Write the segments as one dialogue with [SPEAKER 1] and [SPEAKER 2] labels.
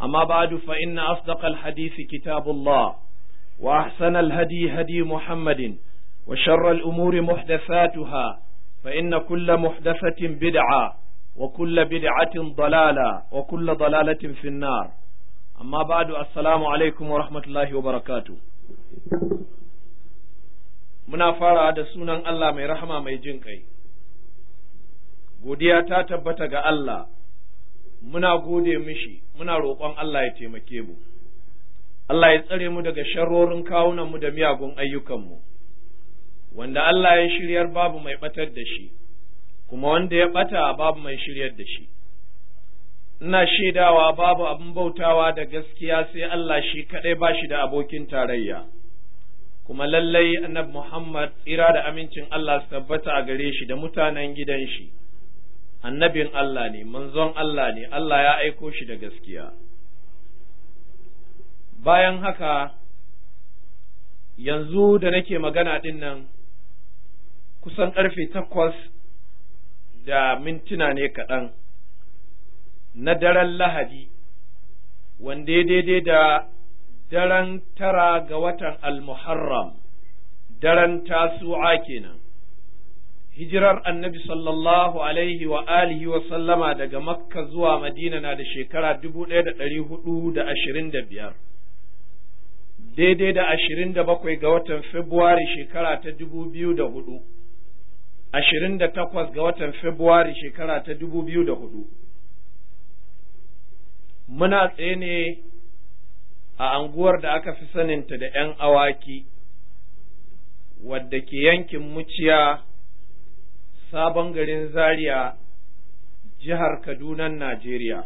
[SPEAKER 1] أما بعد فإن أصدق الحديث كتاب الله وأحسن الهدي هدي محمد وشر الأمور محدثاتها فإن كل محدثة بدعة وكل بدعة ضلالة وكل ضلالة في النار أما بعد السلام عليكم ورحمة الله وبركاته muna fara da sunan Allah mai rahama mai jin kai godiya ta tabbata ga Allah muna gode mishi muna roƙon Allah ya taimake mu Allah ya tsare mu daga sharrorin kawunan mu da miyagun ayyukanmu wanda Allah ya shiryar babu mai batar da shi kuma wanda ya bata babu mai shiryar da shi ina shaidawa babu abin bautawa da gaskiya sai Allah shi kaɗai ba shi da abokin tarayya kuma lallai Annab Muhammad tsira da amincin Allah su tabbata a gare shi da mutanen gidan shi annabin Allah ne manzon Allah ne Allah ya aiko shi da gaskiya bayan haka yanzu da nake magana din nan kusan ƙarfe takwas da mintuna ne kaɗan na daren lahadi wanda ya daidai da daren tara ga watan al-muharram daren tasu'a kenan hijirar annabi sallallahu alaihi wa alihi wa sallama daga makka zuwa madina na da shekara dubu ɗaya da ɗari hudu da ashirin da biyar daidai da ashirin da bakwai ga watan februari shekara ta dubu biyu da hudu ashirin da takwas ga watan februari shekara ta dubu biyu da hudu muna tsaye ne a anguwar da aka fi saninta da ‘yan awaki wadda ke yankin muciya sabon garin zaria jihar kadunan najeriya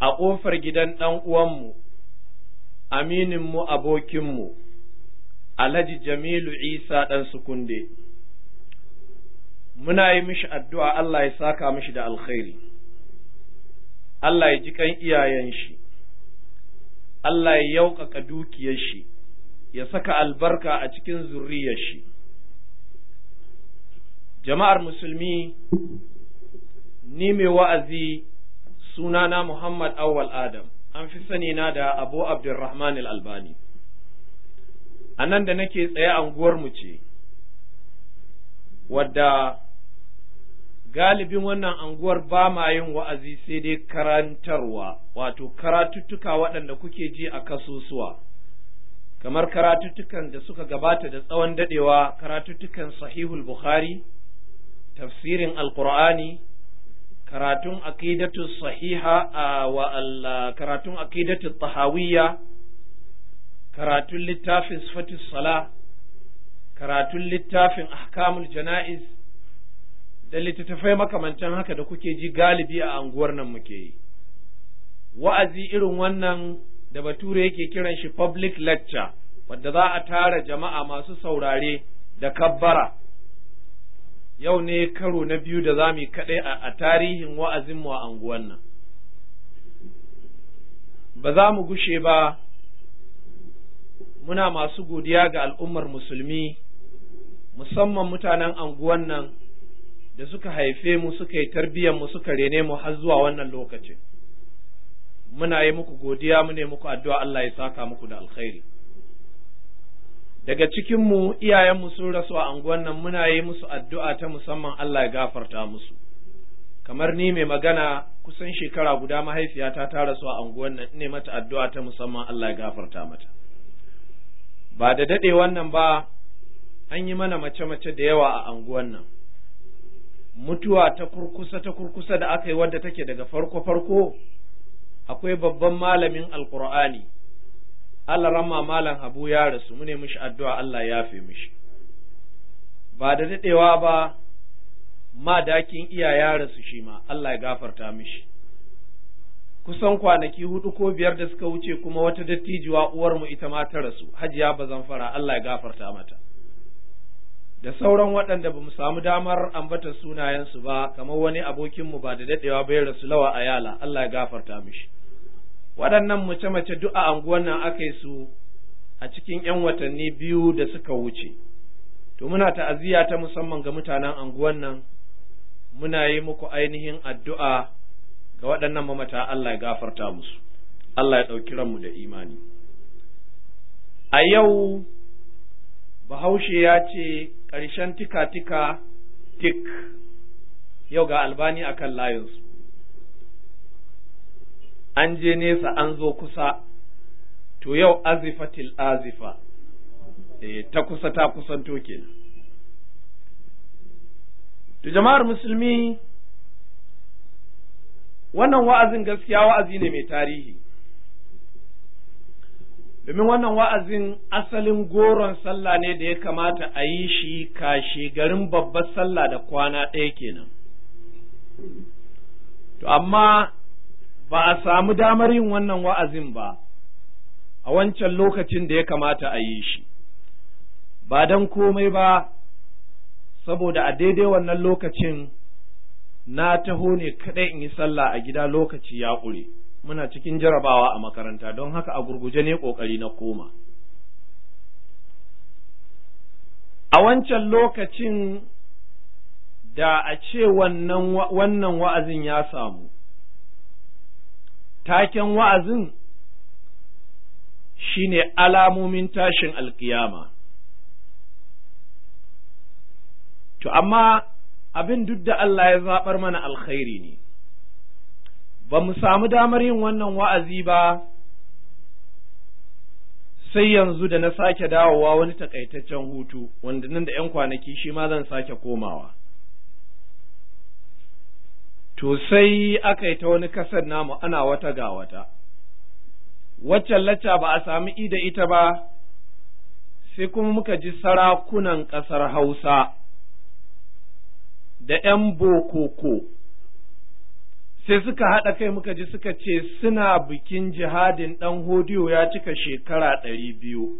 [SPEAKER 1] a ƙofar gidan ɗan uwanmu amininmu abokinmu alhaji jamilu isa ɗan sukunde muna yi mishi addu'a allah ya saka mishi da alkhairi allah ya ji kan iyayen shi allah ya yauƙaƙa dukiyar shi ya saka albarka a cikin zurriyar shi jama'ar musulmi ni mai wa'azi sunana Muhammad Awwal Adam an fi sani na da Abu Abdurrahman al’albani. a nan da nake tsaye anguwar mu ce wadda galibin wannan anguwar ba ma yin wa'azi sai dai karantarwa wato karatuttuka waɗanda kuke ji a kasusuwa kamar karatuttukan da suka gabata da tsawon dadewa karatuttukan sahihul bukhari tafsirin alqur'ani karatun aqidatu sahiha wa karatun aqidatu tahawiyya karatun littafin sifatu salah, karatun littafin ahkamul jana'iz da littattafai makamantan haka da kuke ji galibi a anguwar nan muke yi wa'azi irin wannan da bature yake kiran shi public lecture wadda za a tara jama'a masu saurare da kabbara yau ne karo na biyu da za mu kaɗai a tarihin wa'azinmu a anguwan nan ba za mu gushe ba muna masu godiya ga al'ummar musulmi musamman mutanen anguwan nan da suka haife mu suka yi tarbiyyar mu suka rene mu har zuwa wannan lokacin muna yi muku godiya mu ne muku addu'a Allah ya saka muku da alkhairi daga cikinmu iyayenmu sun rasu a anguwan nan muna yi musu addu'a ta musamman Allah ya gafarta musu kamar ni mai magana kusan shekara guda mahaifiyata ta rasu a anguwan nan ne mata addu'a ta musamman Allah ya gafarta mata ba da daɗe wannan ba an yi mana mace-mace da yawa a anguwan nan mutuwa ta kurkusa ta kurkusa da aka yi wadda take daga farko-farko akwai babban malamin alkur'ani Allah ramma malam Habu ya rasu mune mishi addu'a Allah ya fi mishi ba da daɗewa ba ma dakin iya ya rasu shi ma Allah ya gafarta mishi kusan kwanaki hudu ko biyar da suka wuce kuma wata dattijuwa uwar mu ita ma ta rasu hajiya bazan fara Allah ya gafarta mata da sauran waɗanda ba mu samu damar ambata sunayensu ba kamar wani abokinmu ba da daɗewa bai rasu lawa a yala Allah ya gafarta mishi waɗannan mace-mace duk a anguwan nan aka yi su a cikin 'yan watanni biyu da suka wuce to muna ta'aziyya ta musamman ga mutanen anguwan nan muna yi muku ainihin addu'a ga waɗannan mamata Allah ya gafarta musu Allah ya ɗauki ranmu da imani a yau bahaushe ya ce ƙarshen tika-tika tik yau ga albani akan layinsu an je nesa an zo kusa to yau azifatil azifa e, ta kusa ta kusanto kenan to jama'ar musulmi wannan wa'azin gaskiya wa'azi ne mai tarihi domin wannan wa'azin asalin goron sallah ne da ya kamata a yi shi kashe garin babbar sallah da kwana ɗaya kenan to amma ba a samu damar yin wannan wa'azin ba a wancan lokacin da ya kamata a yi shi ba don komai ba saboda a daidai wannan lokacin na taho ne kaɗai in yi sallah a gida lokaci ya ƙure muna cikin jarabawa a makaranta don haka a gurguje ne ƙoƙari na koma a wancan lokacin da a ce wannan wa'azin ya samu taken wa'azin shi ne alamomin tashin alkiyama to amma abin duk da Allah ya zaɓar mana alkhairi ne ba mu samu damar yin wannan wa'azi ba sai yanzu da na sake dawowa wani takaitaccen hutu wanda nan da ‘yan kwanaki shi ma zan sake komawa to sai aka yi ta wani kasar namu ana wata ga wata waccan lacca ba a sami ida ita ba sai kuma muka ji sarakunan ƙasar hausa da ‘yan bokoko sai suka haɗa kai muka ji suka ce suna bikin jihadin ɗan hodiyo ya cika shekara ɗari biyu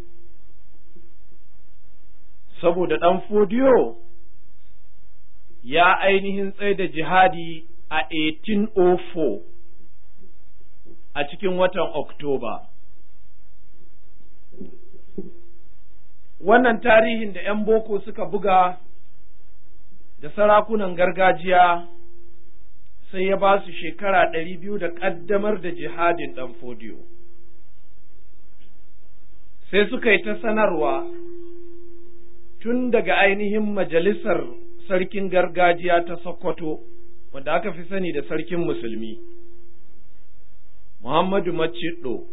[SPEAKER 1] saboda ɗan fodiyo ya ainihin tsaye da jihadi a 1804 a cikin watan Oktoba. Wannan tarihin da ‘yan boko suka buga da sarakunan gargajiya sai ya ba su shekara ɗari biyu da ƙaddamar da jihadin ɗan fodiyo. Sai suka yi ta sanarwa tun daga ainihin majalisar sarkin gargajiya ta Sokoto. wanda aka fi sani da sarkin musulmi Muhammadu maciɗo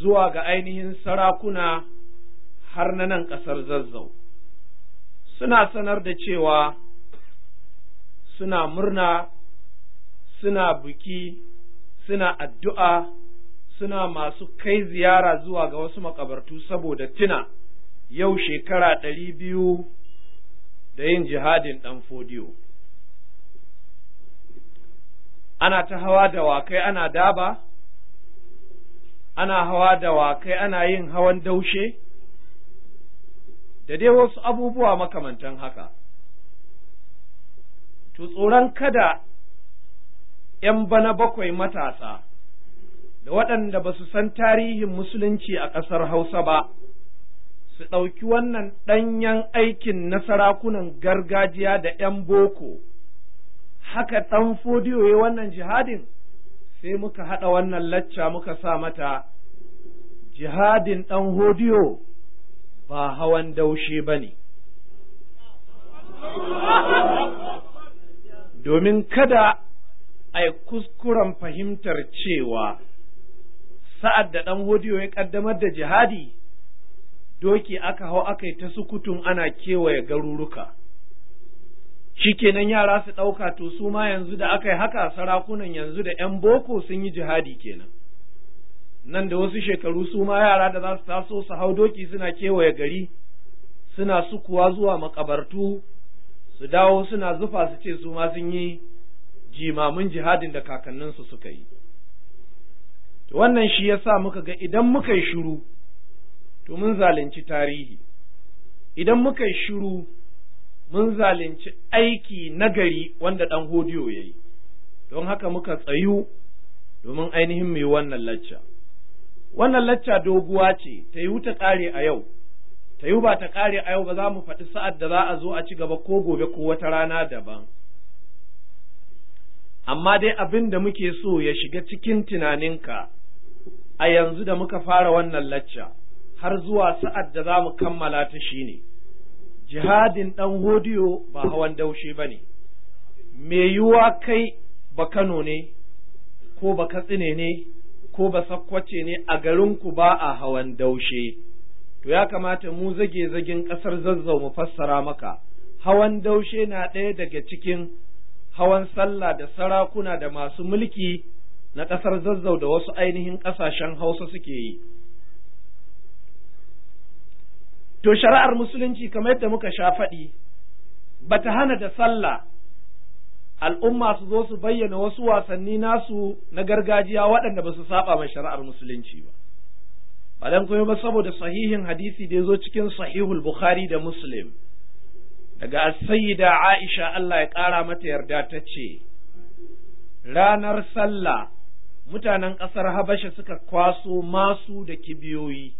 [SPEAKER 1] zuwa ga ainihin sarakuna har na nan ƙasar zazzau suna sanar da cewa suna murna suna buki suna addu'a suna masu kai ziyara zuwa ga wasu makabartu saboda tuna yau shekara ɗari biyu da yin jihadin ɗan fodiyo. ana ta hawa dawakai ana daba ana hawa dawakai ana yin hawan daushe da dai wasu abubuwa makamantan haka to tsoron kada ‘yan bana bakwai matasa da waɗanda ba su san tarihin musulunci a ƙasar Hausa ba, su ɗauki wannan ɗanyen aikin na sarakunan gargajiya da ‘yan boko haka ɗan fodiyo ya wannan jihadin sai muka haɗa wannan lacca muka sa mata jihadin ɗan hodiyo ba hawan daushe ba ne domin kada a yi kuskuren fahimtar cewa sa'ad da ɗan hodiyo ya ƙaddamar da jihadi doki aka hau aka yi ta sukutun ana kewaye garuruka shikenan yara su ɗauka to su ma yanzu da aka yi haka sarakunan yanzu da 'yan boko sun yi jihadi kenan nan da wasu shekaru su ma yara da za su taso su hau doki suna kewaye gari suna sukuwa zuwa makabartu su dawo suna zufa su ce su ma sun yi jimamin jihadin da kakanninsu suka yi wannan shi ya sa muka ga idan muka yi shiru to mun zalunci tarihi idan muka yi shiru mun zalunci aiki nagari wanda ɗan hodiyo ya yi don haka muka tsayu domin ainihin mai wannan lacca wannan lacca doguwa ce ta yi wuta ƙare a yau ta yi ba ta ƙare a yau ba za mu faɗi sa'ad da za a zo a ci gaba ko gobe ko wata rana daban amma dai abin da muke so ya shiga cikin tunaninka a yanzu da muka fara wannan lacca har zuwa sa'ad da za mu kammala ta shine jihadin ɗan hodiyo ba hawan daushe ba ne mai yiwuwa kai ba kano ne ko ba katsine ne ko ba sakwace ne a garinku ba a hawan daushe to ya kamata mu zage zagin ƙasar zazzau mu fassara maka hawan daushe na ɗaya daga cikin hawan sallah da sarakuna da masu mulki na ƙasar zazzau da wasu ainihin ƙasashen hausa suke yi to shari'ar musulunci kamar yadda muka sha faɗi ba ta hana da sallah al'umma su zo su bayyana wasu wasanni nasu na gargajiya waɗanda ba su saba ma shari'ar musulunci ba ba dan kuma ba saboda sahihin hadisi da ya zo cikin sahihul bukhari da muslim daga sayyida aisha Allah ya ƙara mata yarda ta ce ranar sallah mutanen ƙasar habasha suka kwaso masu da kibiyoyi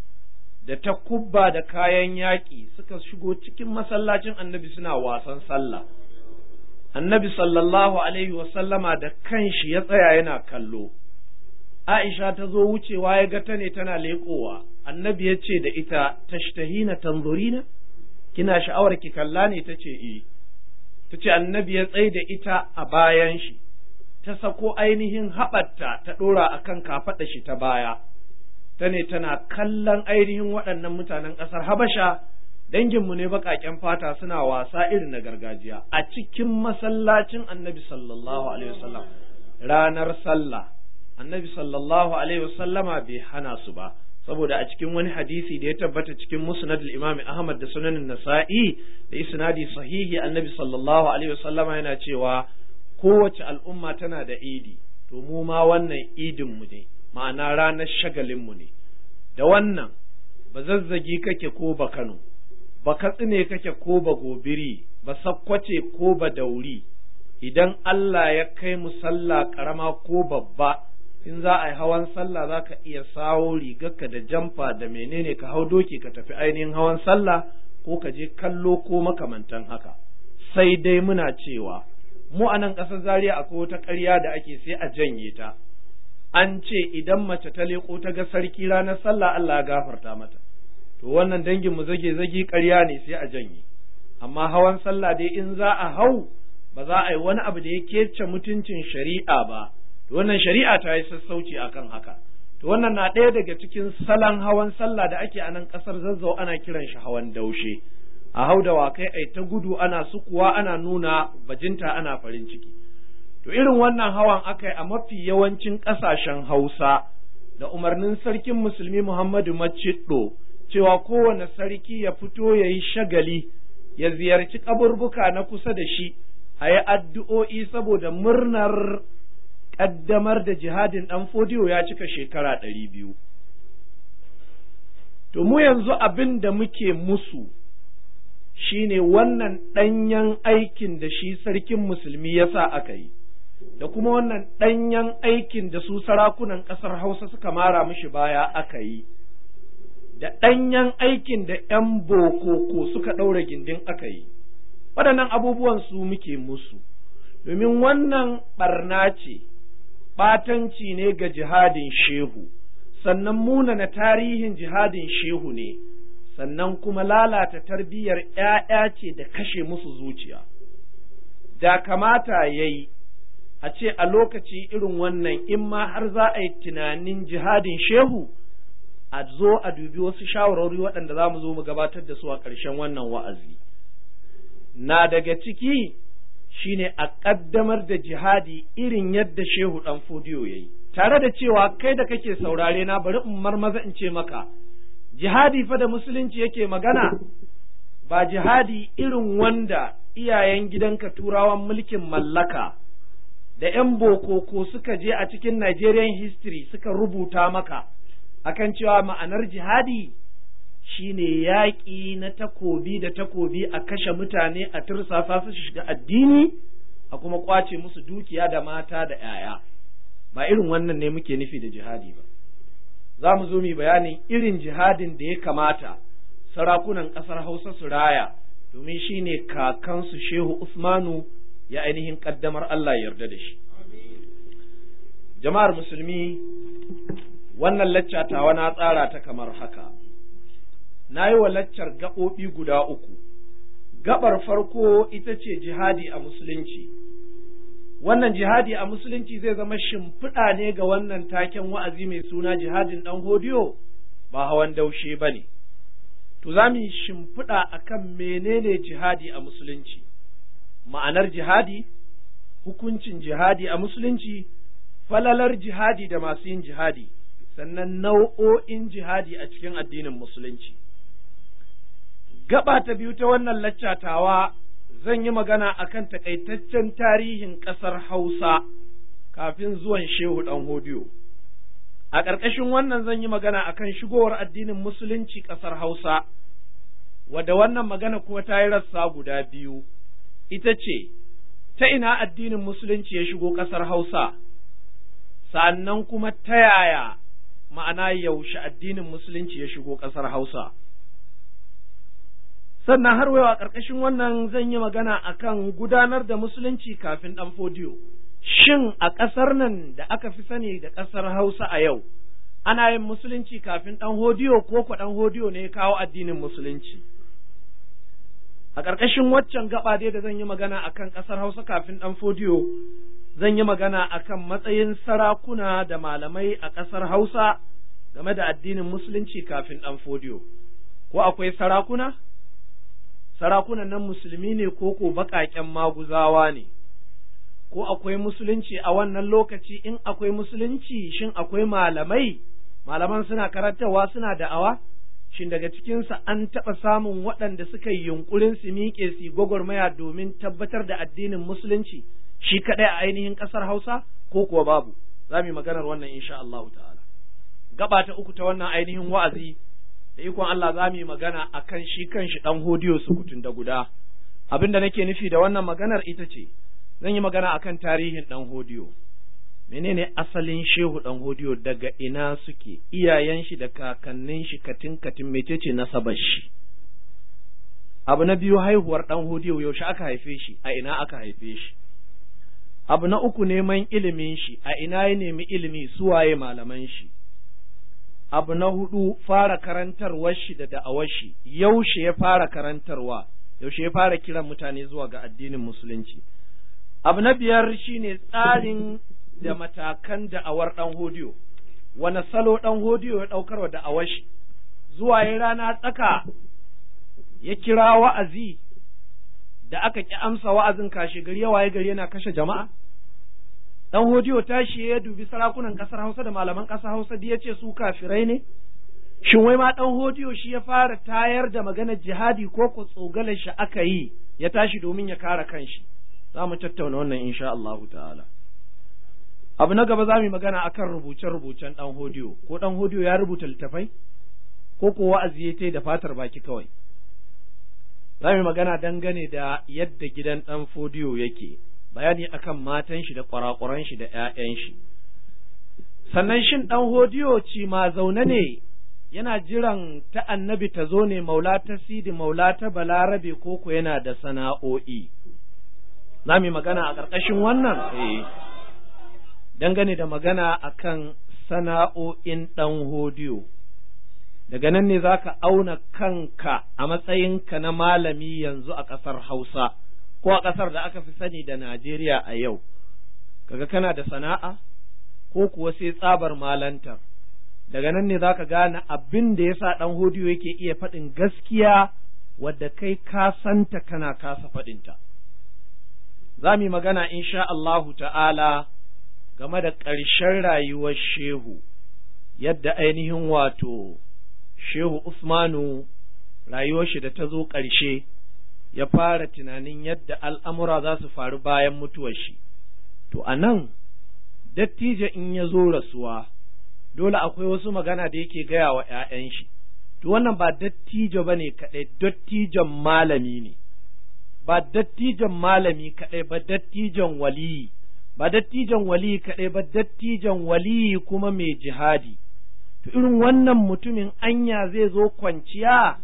[SPEAKER 1] da ta kubba da kayan yaƙi suka shigo cikin masallacin annabi suna wasan sallah annabi sallallahu alaihi wasallama da kanshi ya tsaya yana kallo aisha ta zo wucewa ya ga ta ne tana leƙowa annabi ya ce da ita tashtahina tanzurina kina sha'awar ki kalla ne ta ce eh ta ce annabi ya tsaye da ita a bayan shi ta sako ainihin haɓarta ta ɗora akan kan kafaɗa shi ta baya ta ne tana kallon ainihin waɗannan mutanen ƙasar habasha danginmu ne baƙaƙen fata suna wasa irin na gargajiya a cikin masallacin annabi sallallahu alaihi wasallam ranar sallah annabi sallallahu alaihi wasallama bai hana su ba saboda a cikin wani hadisi da ya tabbata cikin musnadul imam Ahmad da sunanin Nasa'i da isnadi sahihi annabi sallallahu alaihi wasallama yana cewa kowace al'umma tana da idi to mu ma wannan idin mu ne ma'ana ranar shagalinmu ne da wannan ba zazzagi kake ko ba kano ba katsine kake ko ba gobiri ba sakkwace ko ba dauri idan Allah ya kai mu sallah karama ko babba in za a yi hawan sallah za ka iya sawo rigarka da jamfa da menene ka hau doki ka tafi ainihin hawan sallah ko ka je kallo ko makamantan haka sai dai muna cewa mu a nan ƙasar zaria akwai wata ƙarya da ake sai a janye ta an ce idan mace ta leƙo ta ga sarki ranar sallah Allah ya gafarta mata to wannan dangin mu zage zage ƙarya ne sai a janye amma hawan sallah dai in za a hau ba za a yi wani abu da ya kece mutuncin shari'a ba to wannan shari'a ta yi sassauci akan haka to wannan na ɗaya daga cikin salon hawan sallah da ake a nan ƙasar zazzau ana kiran shi hawan daushe a hau da wakai ai ta gudu ana sukuwa ana nuna bajinta ana farin ciki to irin wannan hawan aka yi a mafi yawancin ƙasashen hausa da umarnin sarkin musulmi muhammadu maciddo cewa kowane sarki ya fito ya yi shagali ya ziyarci kaburbuka na kusa da shi a yi addu'o'i saboda murnar ƙaddamar da jihadin ɗan fodiyo ya cika shekara ɗari biyu to mu yanzu abin da muke musu shine wannan ɗanyen aikin da shi sarkin musulmi ya sa aka yi da kuma wannan ɗanyen aikin da su sarakunan ƙasar Hausa suka mara mishi baya aka yi, da ɗanyen aikin da ‘yan bokoko suka ɗaura gindin aka yi, waɗannan abubuwan su muke musu, domin wannan ɓarna ce, ɓatanci ne ga jihadin shehu, sannan munana tarihin jihadin shehu ne, sannan kuma lalata tarbiyyar ‘ya'ya ce da kashe musu zuciya. Da kamata ya yi a ce a lokaci irin wannan in ma har za a yi tunanin jihadin shehu a zo a dubi wasu shawarwari waɗanda za mu zo mu gabatar da su a ƙarshen wannan wa'azi na daga ciki shine a ƙaddamar da jihadi irin yadda shehu ɗan fodiyo ya yi tare da cewa kai da kake saurare na bari in marmaza in ce maka jihadi fa da musulunci yake magana ba jihadi irin wanda iyayen gidanka turawan mulkin mallaka da 'yan bokoko suka je a cikin Nigerian history suka rubuta maka akan cewa ma'anar jihadi shine yaƙi na takobi da takobi a kashe mutane a tursafa su shiga addini a kuma ƙwace musu dukiya da mata da 'ya'ya ba irin wannan ne muke nufi da jihadi ba za mu zo mu bayanin irin jihadin da ya kamata sarakunan ƙasar hausa su raya domin shine kakansu shehu usmanu ya ainihin kaddamar Allah ya yarda da shi jama'ar musulmi wannan lacca tawa na tsara ta kamar haka na yi wa laccar gaɓoɓi guda uku gaɓar farko ita ce jihadi a musulunci wannan jihadi a musulunci zai zama shimfiɗa ne ga wannan taken wa'azi mai suna jihadin ɗan hodiyo ba hawan daushe ba ne to za mu yi shimfiɗa a kan menene jihadi a musulunci ma'anar jihadi hukuncin jihadi a musulunci falalar jihadi da masu yin jihadi sannan nau'o'in jihadi a cikin addinin musulunci gaba ta biyu ta wannan laccatawa zan yi magana akan taƙaitaccen tarihin ƙasar hausa kafin zuwan shehu ɗan hodiyo a ƙarƙashin wannan zan yi magana akan shigowar addinin musulunci ƙasar hausa wadda wannan magana kuma ta yi rassa guda biyu ita ce, ta ina addinin Musulunci ya shigo ƙasar Hausa, sannan kuma ta yaya ma'ana yaushe addinin Musulunci ya shigo ƙasar Hausa. Sannan har wayo a ƙarƙashin wannan zan yi magana akan gudanar da Musulunci kafin ɗan fodiyo. Shin a ƙasar nan da aka fi sani da ƙasar Hausa a yau, ana yin Musulunci kafin ɗan hodiyo ko kwa ɗan hodiyo ne kawo addinin Musulunci. a ƙarƙashin waccan gaba dai da zan yi magana a kan ƙasar Hausa kafin ɗan fodiyo zan yi magana a kan matsayin sarakuna da malamai a ƙasar Hausa game da addinin musulunci kafin ɗan fodiyo ko akwai sarakuna sarakunan nan musulmi ne ko ko baƙaƙen maguzawa ne ko akwai musulunci a wannan lokaci in akwai musulunci shin akwai malamai malaman suna karantarwa suna da'awa shin daga cikinsa an taɓa samun waɗanda suka yi yunƙurin su miƙe su gwagwarmaya domin tabbatar da addinin musulunci shi kaɗai a ainihin ƙasar Hausa ko kuwa babu za mu yi maganar wannan insha Allah ta'ala gaba ta uku ta wannan ainihin wa'azi da ikon Allah za mu yi magana akan shi kan shi ɗan hodiyo sukutun da guda abin da nake nufi da wannan maganar ita ce zan yi magana akan tarihin ɗan hodiyo menene asalin shehu dan hodiyo daga ina suke iyayen shi da kakannin shi katin katin mecece nasabar shi abu na biyu haihuwar dan hodiyo yaushe aka haife shi a ina aka haife shi abu na uku neman ilimin shi a ina ya nemi ilimi suwaye malaman shi abu na hudu fara karantarwar shi da da'awar shi yaushe ya fara karantarwa yaushe ya fara kiran mutane zuwa ga addinin musulunci abu na biyar shine tsarin da matakan da'awar ɗan hodiyo wani salo ɗan hodiyo ya ɗaukar wa da'awar shi zuwa ya rana tsaka ya kira wa'azi da aka ki amsa wa'azin kashe gari ya gari yana kashe jama'a ɗan hodiyo tashi ya dubi sarakunan ƙasar Hausa da malaman ƙasar Hausa da ya ce su kafirai ne shin wai ma ɗan hodiyo shi ya fara tayar da maganar jihadi ko ko tsogalar shi aka yi ya tashi domin ya kare kanshi za mu tattauna wannan insha Allah ta'ala abu na gaba za mu yi magana a kan rubuce-rubucen ɗan hodiyo ko ɗan hodiyo ya rubuta littafai ko ko wa'azi ya da fatar baki kawai za mu yi magana dangane da yadda gidan ɗan fodiyo yake bayani akan matan shi da ƙwaraƙwaran shi da ‘ya'yan shi sannan shin ɗan hodiyo ci ma zaune ne yana jiran ta annabi ta zo ne maula ta sidi maula ta balarabe ko ko yana da sana'o'i za mu yi magana a ƙarƙashin wannan eh. dangane da magana akan sana'o'in ɗan hodiyo daga nan ne za ka auna kanka a matsayinka na malami yanzu a ƙasar hausa ko a ƙasar da aka fi sani da najeriya a yau kaga kana da sana'a ko kuwa sai tsabar malantar daga nan ne za ka gane abin da ya sa ɗan hodiyo yake iya faɗin gaskiya wadda kai kasanta kana kasa faɗinta za mu yi magana insha Allahu ta'ala game da ƙarshen rayuwar shehu yadda ainihin wato shehu usmanu rayuwar shi da ta zo ƙarshe ya fara tunanin yadda al'amura za su faru bayan mutuwar shi to a nan dattijo in ya zo rasuwa dole akwai wasu magana da yake gaya wa ‘ya'yan shi to wannan ba dattijo ba ne kaɗai dattijon malami ne ba dattijon malami kaɗai ba dattijon waliyi ba dattijan wali kaɗai ba dattijan wali kuma mai jihadi to irin wannan mutumin anya zai zo kwanciya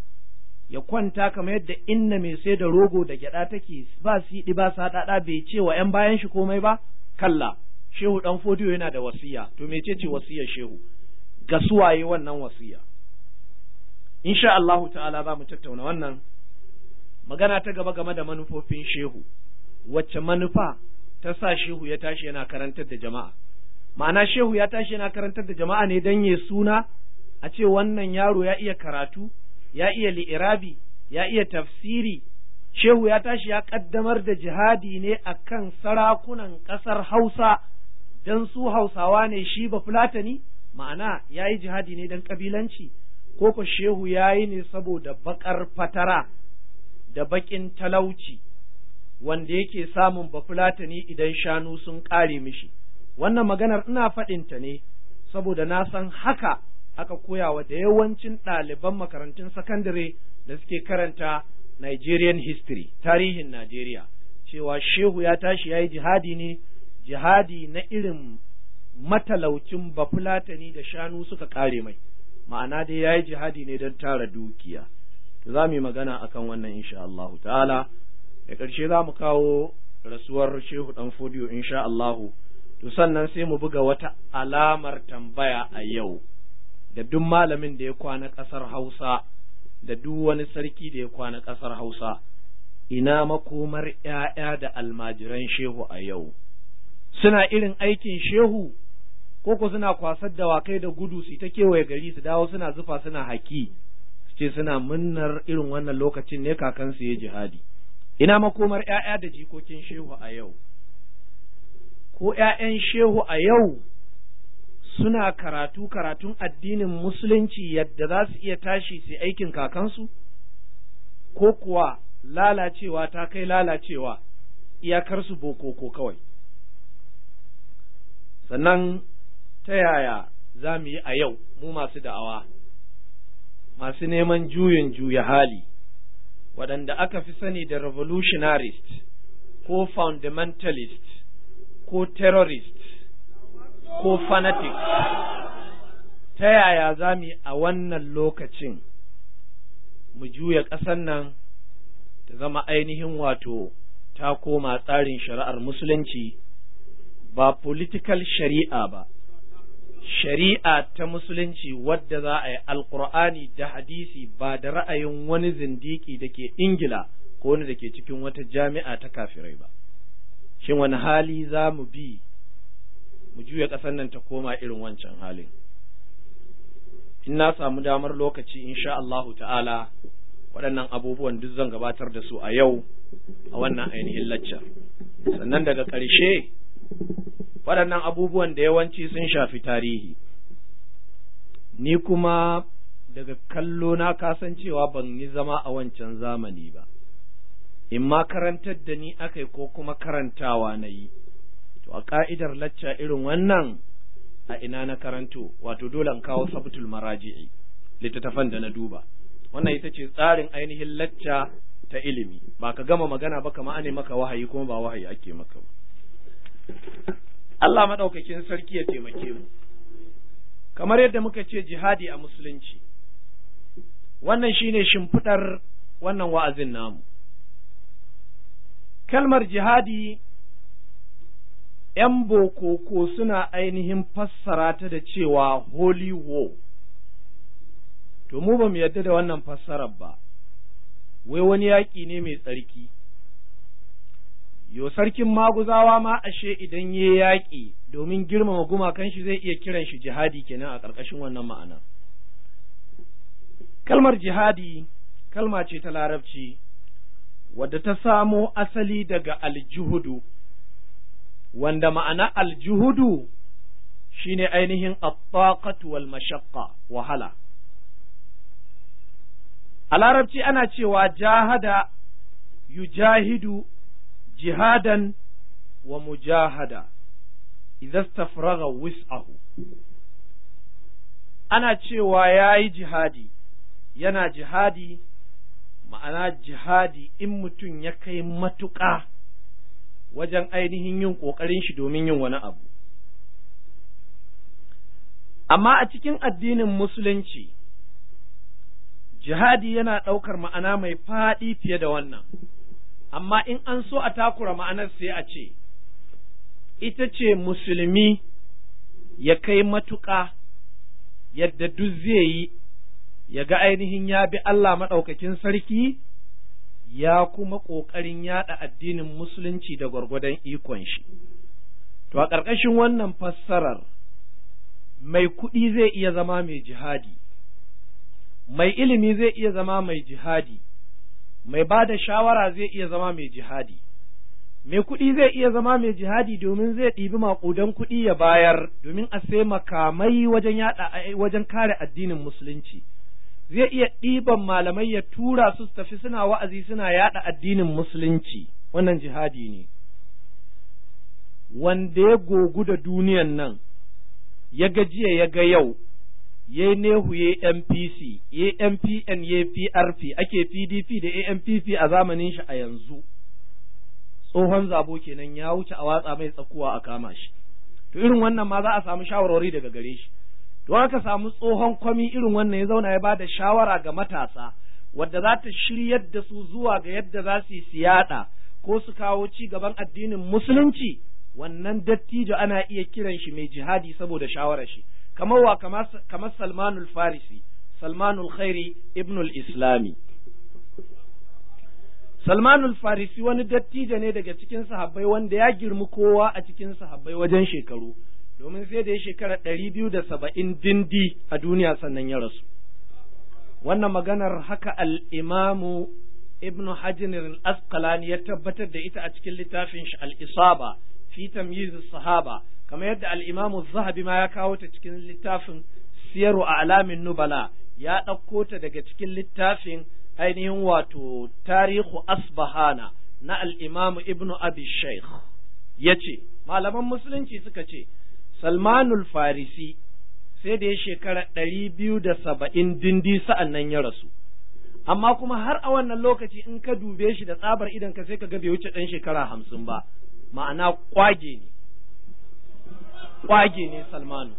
[SPEAKER 1] ya kwanta kamar yadda inna mai sai da rogo da gyaɗa take ba siɗi ba saɗaɗa bai ce wa ‘yan bayan shi komai ba kalla shehu ɗan fodiyo yana da wasiya to me ce ce wasiyar shehu ga suwaye wannan wasiya insha Allahu ta'ala za mu tattauna wannan magana ta gaba game da manufofin shehu wacce manufa ta sa shehu ya tashi yana karantar da jama'a ma'ana shehu ya tashi yana karantar da jama'a ne don ya suna a ce wannan yaro ya iya karatu ya iya li'irabi ya iya tafsiri shehu ya tashi ya kaddamar da jihadi ne a kan sarakunan ƙasar hausa don su hausawa ne shi ba fulatani ma'ana ya yi jihadi ne don ƙabilanci ko ko shehu ya yi ne saboda baƙar fatara da baƙin talauci wanda yake samun bafulatani idan shanu sun ƙare mishi wannan maganar ina faɗinta ne saboda na san haka aka wa da yawancin ɗaliban makarantun sakandare da suke karanta Nigerian history tarihin Najeriya cewa shehu ya tashi ya yi jihadi ne jihadi na irin matalaucin bafulatani da shanu suka ƙare mai ma'ana dai ya yi jihadi ne don tara dukiya za mu yi magana akan wannan insha Allah ta'ala da ƙarshe za mu kawo rasuwar shehu ɗan fodiyo insha Allahu to sannan sai mu buga wata alamar tambaya a yau da duk malamin da ya kwana ƙasar Hausa da duk wani sarki da ya kwana ƙasar Hausa ina makomar ‘ya'ya da almajiran shehu a yau suna irin aikin shehu ko ko suna kwasar dawakai da gudu su ta kewaye gari su dawo suna zufa suna haki su ce suna munnar irin wannan lokacin ne kakansu ya jihadi ina makomar ‘ya'ya da jikokin shehu a yau ko ‘ya'yan shehu a yau suna karatu karatun addinin musulunci yadda za su iya tashi su aikin kakansu ko kuwa lalacewa ta kai lalacewa iyakarsu bokoko kawai sannan ta yaya za mu yi a yau mu masu da'awa masu neman juyin juya hali waɗanda aka fi sani da revolutionarist ko fundamentalist ko terrorist ko fanatic ta yaya za mu a wannan lokacin mu juya ƙasar nan ta zama ainihin wato ta koma tsarin shari'ar musulunci ba political shari'a ba shari'a ta musulunci wadda za a yi alkur'ani da hadisi ba da ra'ayin wani zindiki da ke ingila ko wani da ke cikin wata jami'a ta kafirai ba shin wani hali za mu bi mu juya ƙasar nan ta koma irin wancan halin in na samu damar lokaci insha Allahu ta'ala waɗannan abubuwan duk zan gabatar da su a yau a wannan ainihin lacca sannan daga ƙarshe waɗannan abubuwan da yawanci sun shafi tarihi ni kuma daga kallo na kasancewa ban yi zama a wancan zamani ba in ma karantar da ni aka yi ko kuma karantawa na yi to a ka'idar lacca irin wannan a ina na karanto wato dole in kawo sabtul maraji'i littattafan da na duba wannan ita ce tsarin ainihin lacca ta ilimi ba ka gama magana ba kama ne maka wahayi kuma ba wahayi ake maka ba Allah maɗaukakin sarki ya taimake mu kamar yadda muka ce jihadi a musulunci wannan shine shimfiɗar wannan wa'azin namu kalmar jihadi ‘yan bokoko suna ainihin fassara ta da cewa holy war to mu bamu mu yadda da wannan fassarar ba wai wani yaƙi ne mai tsarki yo sarkin maguzawa ma ashe idan ya yaƙi domin girmama gumakan shi zai iya kiran shi jihadi kenan a ƙarƙashin wannan ma'ana kalmar jihadi kalma ce ta larabci wadda ta samo asali daga aljuhudu wanda ma'ana aljuhudu shine ainihin at wal wahala a larabci ana cewa jahada yujahidu jihadan wa mujahada idza stafraga wis'ahu ana cewa ya yi jihadi yana jihadi ma'ana jihadi in mutum ya kai matuƙa wajen ainihin yin ƙoƙarin shi domin yin wani abu amma a cikin addinin musulunci jihadi yana ɗaukar ma'ana mai faɗi fiye da wannan amma in an so a takura ma'anar sai a ce ita ce musulmi ya kai matuƙa yadda duk zai yi ya ga ainihin ya bi Allah maɗaukakin sarki ya kuma ƙoƙarin yaɗa addinin musulunci da gwargwadon ikon shi. To a ƙarƙashin wannan fassarar mai kuɗi zai iya zama mai jihadi, mai ilimi zai iya zama mai jihadi, mai ba da shawara zai iya zama mai jihadi mai kuɗi zai iya zama mai jihadi domin zai ɗibi maƙudan kuɗi ya bayar domin a sai makamai wajen yaɗa eh, wajen kare addinin musulunci zai iya ɗiban malamai ya tura su su tafi suna wa'azi suna yaɗa addinin musulunci wannan jihadi ne wanda ya gogu da duniyan nan ya ga jiya ya ga yau yayi nehu ya MPC, ya MPN ya PRP, ake PDP da AMPP a zamanin shi a yanzu. Tsohon zabo kenan ya wuce a watsa mai tsakuwa a kama shi. To irin wannan ma za a samu shawarwari daga gare shi. To aka samu tsohon kwami irin wannan ya zauna ya bada shawara ga matasa, wadda za ta shiryar da su zuwa ga yadda za su yi siyaɗa ko su kawo ci gaban addinin musulunci. Wannan dattijo ana iya kiran shi mai jihadi saboda shawarar shi. kamar wa kamar salmanul farisi salmanul khairi ibnul islami salmanul farisi wani dattijo ne daga cikin sahabbai wanda ya girmi kowa a cikin sahabbai wajen shekaru domin sai da ya shekara ɗari biyu da saba'in dindi a duniya sannan ya rasu wannan maganar haka al'imamu ibnu hajjinin asqalani ya tabbatar da ita a cikin littafin shi al'isaba fi tamyiz sahaba kamar yadda al zahabi ma ya kawo ta cikin littafin Siyaru a alamin Nubala ya ɗauko ta daga cikin littafin ainihin wato tarihu asbahana na al ibnu Ibn Abi Shaykh yace malaman musulunci suka ce Salmanul Farisi sai da ya shekara ɗari biyu da saba'in dindi sa'an nan ya rasu amma kuma har a wannan lokaci in ka dube shi da tsabar idan ka sai ka ga bai wuce ɗan shekara hamsin ba ma'ana kwage ne kwage ne salmanu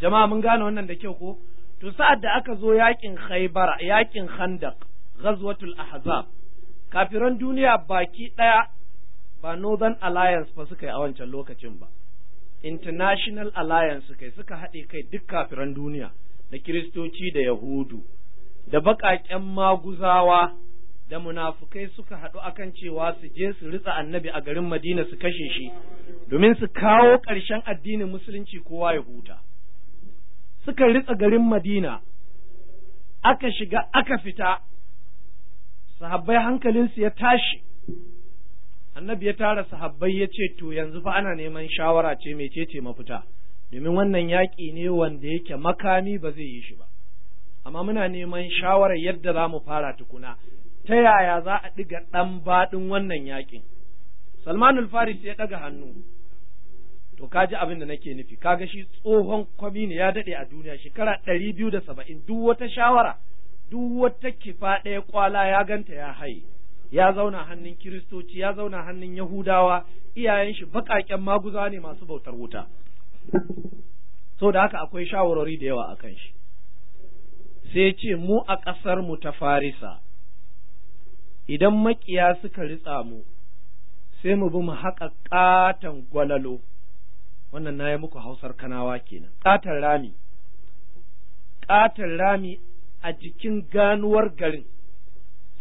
[SPEAKER 1] jama'a mun gane wannan da kyau ko to sa'ad da aka zo yakin khaybar yakin khandaq ghazwatul ahzab kafiran duniya baki daya ba northern alliance fa suka yi a wancan lokacin ba international alliance suka suka haɗe kai duk kafiran duniya da kiristoci da yahudu da baƙaƙen maguzawa da munafukai suka haɗu akan cewa su je su ritsa annabi a garin Madina su kashe shi domin su kawo ƙarshen addinin musulunci kowa ya huta suka ritsa garin Madina aka shiga aka fita sahabbai hankalinsu ya tashi annabi ya tara sahabbai ya ce to yanzu fa ana neman shawara ce mecece mafita domin wannan yaƙi ne wanda yake makami ba zai yi shi ba amma muna neman shawarar yadda za mu fara tukuna ta yaya za a ɗiga ɗan baɗin wannan yaƙin Salman faris ya ɗaga hannu to ka ji abin da nake nufi Ka ga shi tsohon kwami ne ya daɗe a duniya shekara ɗari biyu da saba'in duk wata shawara duk wata kifa ɗaya kwala ya ganta ya haye ya zauna hannun kiristoci ya zauna hannun yahudawa iyayen shi baƙaƙen maguza ne masu bautar wuta so da haka akwai shawarwari da yawa a kan shi sai ce mu a ƙasar mu ta farisa idan maƙiya suka ritsa mu sai mu bi mu haƙa ƙaton gwalalo wannan na yi muku hausar kanawa kenan ƙaton rami ƙaton rami a jikin ganuwar garin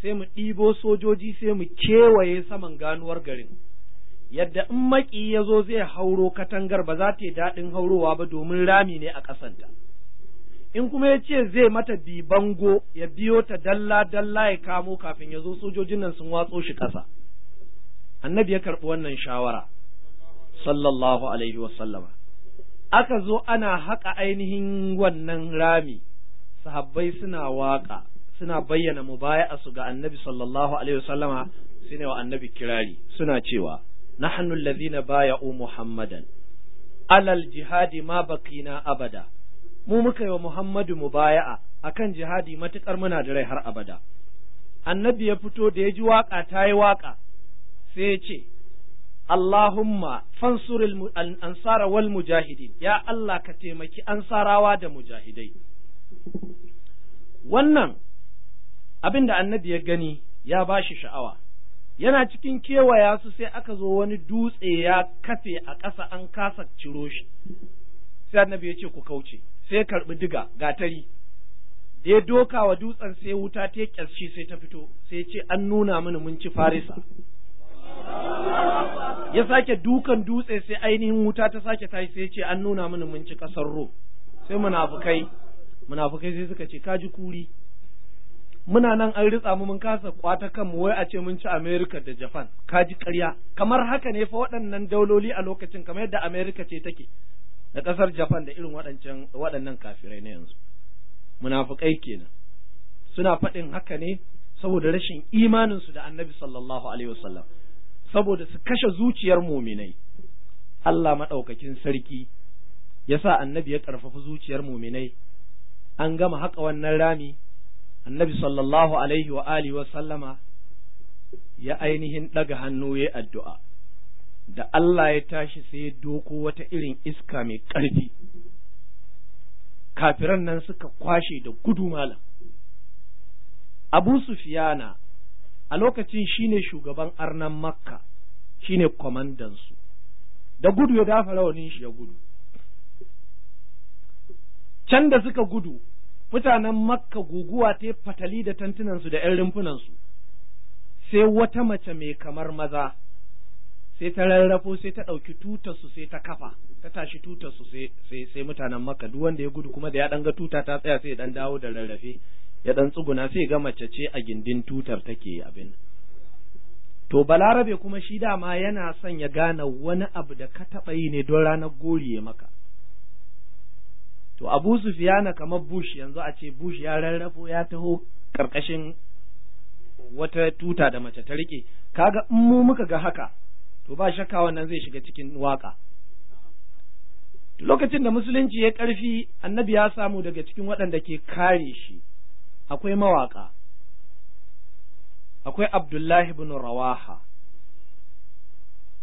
[SPEAKER 1] sai mu ɗibo sojoji sai mu kewaye saman ganuwar garin yadda in maƙi ya zo zai hauro katangar ba za ta yi daɗin haurowa ba domin rami ne a ƙasanta. in kuma ya ce zai mata bi bango ya biyo ta dalla dalla ya kamo kafin ya zo sojojin nan sun watso shi ƙasa annabi ya karɓi wannan shawara sallallahu alaihi wasallama aka zo ana haƙa ainihin wannan rami sahabbai suna waƙa suna bayyana mubaya'a su ga annabi sallallahu alaihi wasallama ne wa annabi kirari suna cewa nahnu allazina baya'u muhammadan alal jihadi ma baqina abada mu muka yi wa Muhammadu mu mubaya'a akan jihadi matuƙar muna da rai har abada annabi ya fito da ya ji waƙa ta yi waƙa sai ya ce Allahumma fansuril ansara wal mujahidin ya Allah ka taimaki ansarawa da mujahidai wannan abin da annabi ya gani ya ba shi sha'awa yana cikin kewaya su sai aka zo wani dutse ya kafe a ƙasa an kasa ciro shi sai annabi ya ce ku kauce sai karɓi diga gatari da ya doka wa dutsen sai wuta ta ƙyarshi sai ta fito sai ce an nuna mini mun ci farisa ya sake dukan dutse sai ainihin wuta ta sake tashi sai ce an nuna mini mun ci ƙasar ro sai munafukai munafukai sai suka ce kaji kuri muna nan an ritsa mu mun kasa kwata kan mu wai a ce mun ci America da Japan kaji karya? kamar haka ne fa waɗannan dauloli a lokacin kamar yadda America ce take na ƙasar Japan da irin waɗancan waɗannan kafirai na yanzu munafukai kenan suna faɗin haka ne saboda rashin imaninsu da annabi sallallahu alaihi wasallam saboda su kashe zuciyar muminai Allah maɗaukakin sarki yasa annabi ya ƙarfafi zuciyar muminai an gama haka wannan rami annabi sallallahu alaihi wa alihi wa sallama ya ainihin ɗaga hannu ya addu'a da Allah ya tashi sai doko wata irin iska mai ƙarfi kafiran nan suka kwashe da gudu malam Abu Sufiyana a lokacin shine shugaban arnan Makka shine kwamandansu da gudu ya dafa rawanin shi ya gudu can da suka gudu mutanen Makka guguwa ta fatali da tantunansu da ‘yan rumfunansu sai wata mace mai kamar maza sai ta rarrafo sai ta ɗauki tutar su sai ta kafa ta tashi tutar su sai sai mutanen maka duk wanda ya gudu kuma da ya ɗan ga tuta ta tsaya sai ya ɗan dawo da rarrafe ya ɗan tsuguna sai ga mace ce a gindin tutar take abin to balarabe kuma shi dama yana son ya gane wani abu da ka taɓa yi ne don ranar ya maka to abu sufiyana kamar bush yanzu a ce bush ya rarrafo ya taho karkashin wata tuta da mace ta rike kaga in mu muka ga haka to ba shakka wannan zai shiga cikin waka lokacin da musulunci ya karfi annabi ya samu daga cikin waɗanda ke kare shi akwai mawaƙa akwai abdullahi bin rawaha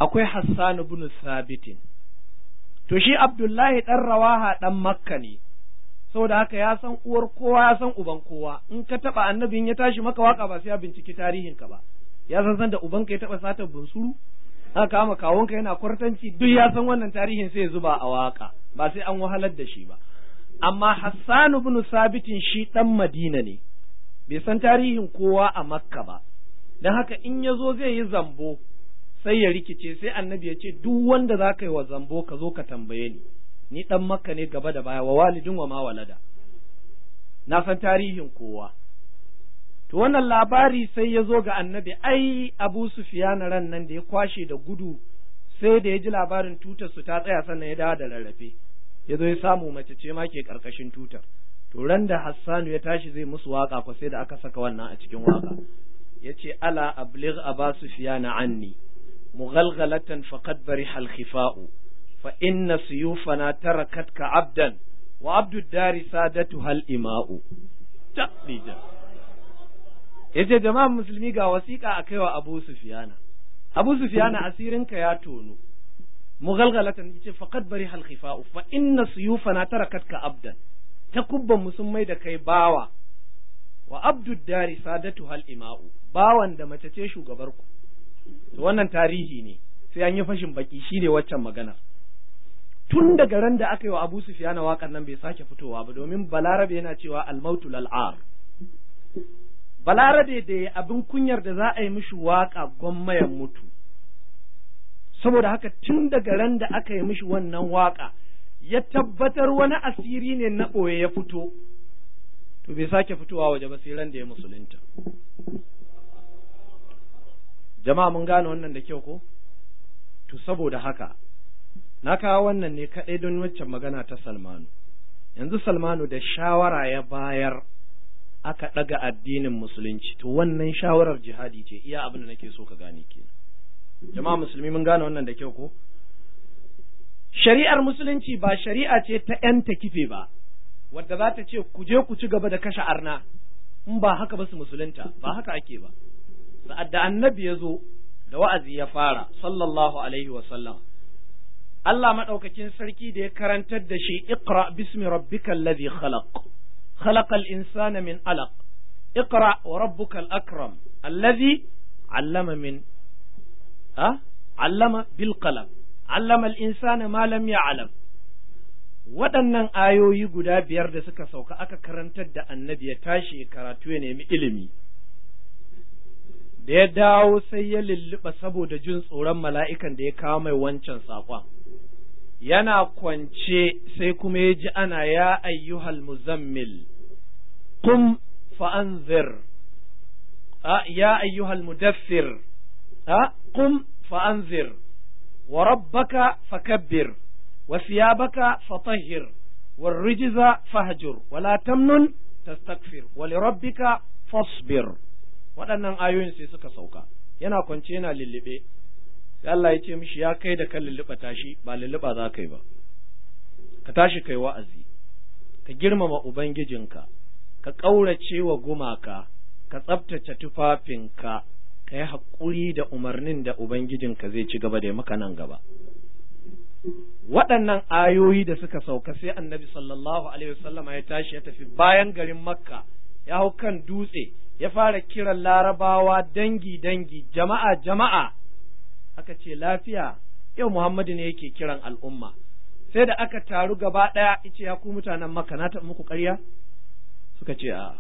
[SPEAKER 1] akwai hassan bin sabitin to shi abdullahi ɗan rawaha ɗan makka ne saboda haka ya san uwar kowa ya san uban kowa in ka taɓa annabin ya tashi maka waka ba sai ya binciki tarihinka ba ya san san da ubanka ya taɓa satar bunsuru aka kama kawunka yana kwartanci duk ya san wannan tarihin sai ya zuba a waka ba sai an wahalar da shi ba amma Hassan ibn Sabitin shi dan Madina ne bai san tarihin kowa a Makka ba dan haka in ya zo zai yi zambo sai ya rikice sai annabi ya ce duk wanda za ka yi wa zambo ka zo ka tambaye ni ni dan Makka ne gaba da baya wa walidin wa ma walada na san tarihin kowa to wannan labari sai ya zo ga annabi ai abu sufiyana ran nan da ya kwashe da gudu sai da ya ji labarin tutar su ta tsaya sannan ya dawo da rarrafe ya zo ya samu mace ce ma ke karkashin tutar to ran da hassanu ya tashi zai musu waka ko sai da aka saka wannan a cikin waka ya ce ala ablig aba sufiyana anni mughalghalatan faqad bariha al-khifa'u fa inna suyufana tarakatka abdan wa abdu dari sadatu hal imau jan. yace jama'an musulmi ga wasiƙa a wa Abu sufiyana Abu Sufyana ka ya tono mughalghalatan yace faqad bari hal khifa'u fa inna suyufana tarakatka abdan kubban mu sun mai da kai bawa wa abdud dari sadatu hal ima'u bawan da mace ce shugabar ku to wannan tarihi ne sai an yi fashin baki shine waccan magana tun daga ran da aka yi wa Abu sufiyana waƙar nan bai sake fitowa ba domin Balarabe yana cewa al-mautu lal balarabe da ya abin kunyar da za a yi mishi waƙa gwammayan mutu saboda haka tun daga ran da aka yi mishi wannan waƙa ya tabbatar wani asiri ne na ɓoye ya fito to bai sake fitowa waje ba sai ran da ya musulunta jama'a mun gane wannan da kyau ko to saboda haka na kawo wannan ne kaɗai don waccan magana ta salmanu yanzu salmanu da shawara ya bayar aka ɗaga addinin musulunci to wannan shawarar jihadi ce iya abin da nake so ka gane ke jama'a musulmi mun gane wannan da kyau ko shari'ar musulunci ba shari'a ce ta ‘yan ta kife ba wadda za ta ce ku je ku ci gaba da kashe arna in ba haka ba su musulunta ba haka ake ba sa'ad da annabi ya zo da wa'azi ya fara sallallahu alaihi wa sallam Allah maɗaukakin sarki da ya karantar da shi iqra bismi rabbikal ladhi khalaq خلق الإنسان من علق اقرأ وربك الأكرم الذي علم من أه؟ علم بالقلم علم الإنسان ما لم يعلم waɗannan ayoyi guda biyar da suka sauka aka karantar da annabi ya tashi karatu ya nemi ilimi da ya dawo sai ya lulluɓa saboda jin tsoron mala'ikan da ya kawo mai wancan saƙon yana kwance sai kuma ya ji ana ya ayyuhal muzammil kum fa'anzir ya ayyuhal mudaffir kum fa'anzir wa rabbaka fakabbir wa thiyabaka fatahhir والرجز فهجر ولا تمنن تستكفر ولربك fasbir waɗannan ayoyin sai suka sauka yana kwance yana lullube sai Allah ya ce mishi ya kai da kan lulluɓa tashi ba lulluɓa za ka yi ba ka tashi kai wa'azi ka girmama ubangijinka ka ƙaurace wa gumaka ka tsabtace tufafinka ka yi haƙuri da umarnin da ubangijinka zai ci gaba da maka nan gaba waɗannan ayoyi da suka sauka sai annabi sallallahu alaihi wasallama ya tashi ya tafi bayan garin makka ya hau kan dutse ya fara kiran larabawa dangi dangi jama'a jama'a aka ce lafiya yau Muhammadu ne yake kiran al'umma sai da aka taru gaba ɗaya ice ya ku mutanen maka na taɓa muku ƙarya suka ce a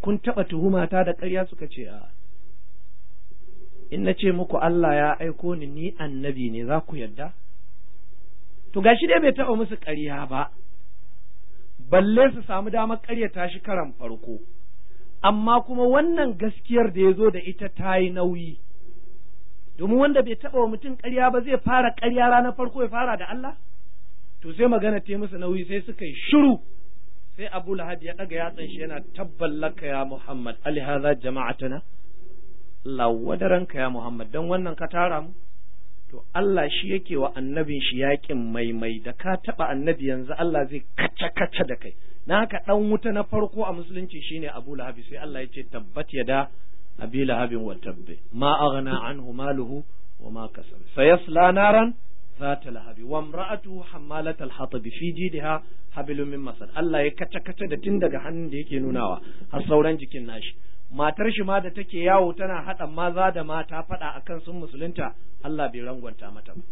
[SPEAKER 1] kun taɓa tuhumata da ƙarya suka ce a in na ce muku Allah ya aiko ni ni annabi ne za ku yarda to gashi dai bai taɓa musu ƙarya ba balle su samu damar ƙaryata shi karan farko amma kuma wannan gaskiyar da ya zo da ita ta yi nauyi domin wanda bai taɓa wa mutum ƙarya ba zai fara ƙarya ranar farko ya fara da Allah to sai magana ta musu nauyi sai suka yi shiru sai Abu Lahab ya ɗaga yatsan shi yana tabballaka ya Muhammad alihaza jama'atuna lawadaranka ya Muhammad dan wannan ka tara mu to Allah shi yake wa annabin shi yaƙin maimai da ka taɓa annabi yanzu Allah zai kaca kaca da kai na haka ɗan wuta na farko a musulunci shine Abu Lahab sai Allah ya ce tabbat ya da abi lahabin wa tabbe ma aghna anhu maluhu wa ma kasab sayasla naran ذات لهب وامرأته حمالة الحطب في جيدها حبل من مسد Allah ya kaca-kaca da tun daga hannun da yake nunawa har sauran jikin nashi matar shi ma da take yawo tana haɗa maza da mata fada akan sun musulunta Allah bai rangwanta mata ba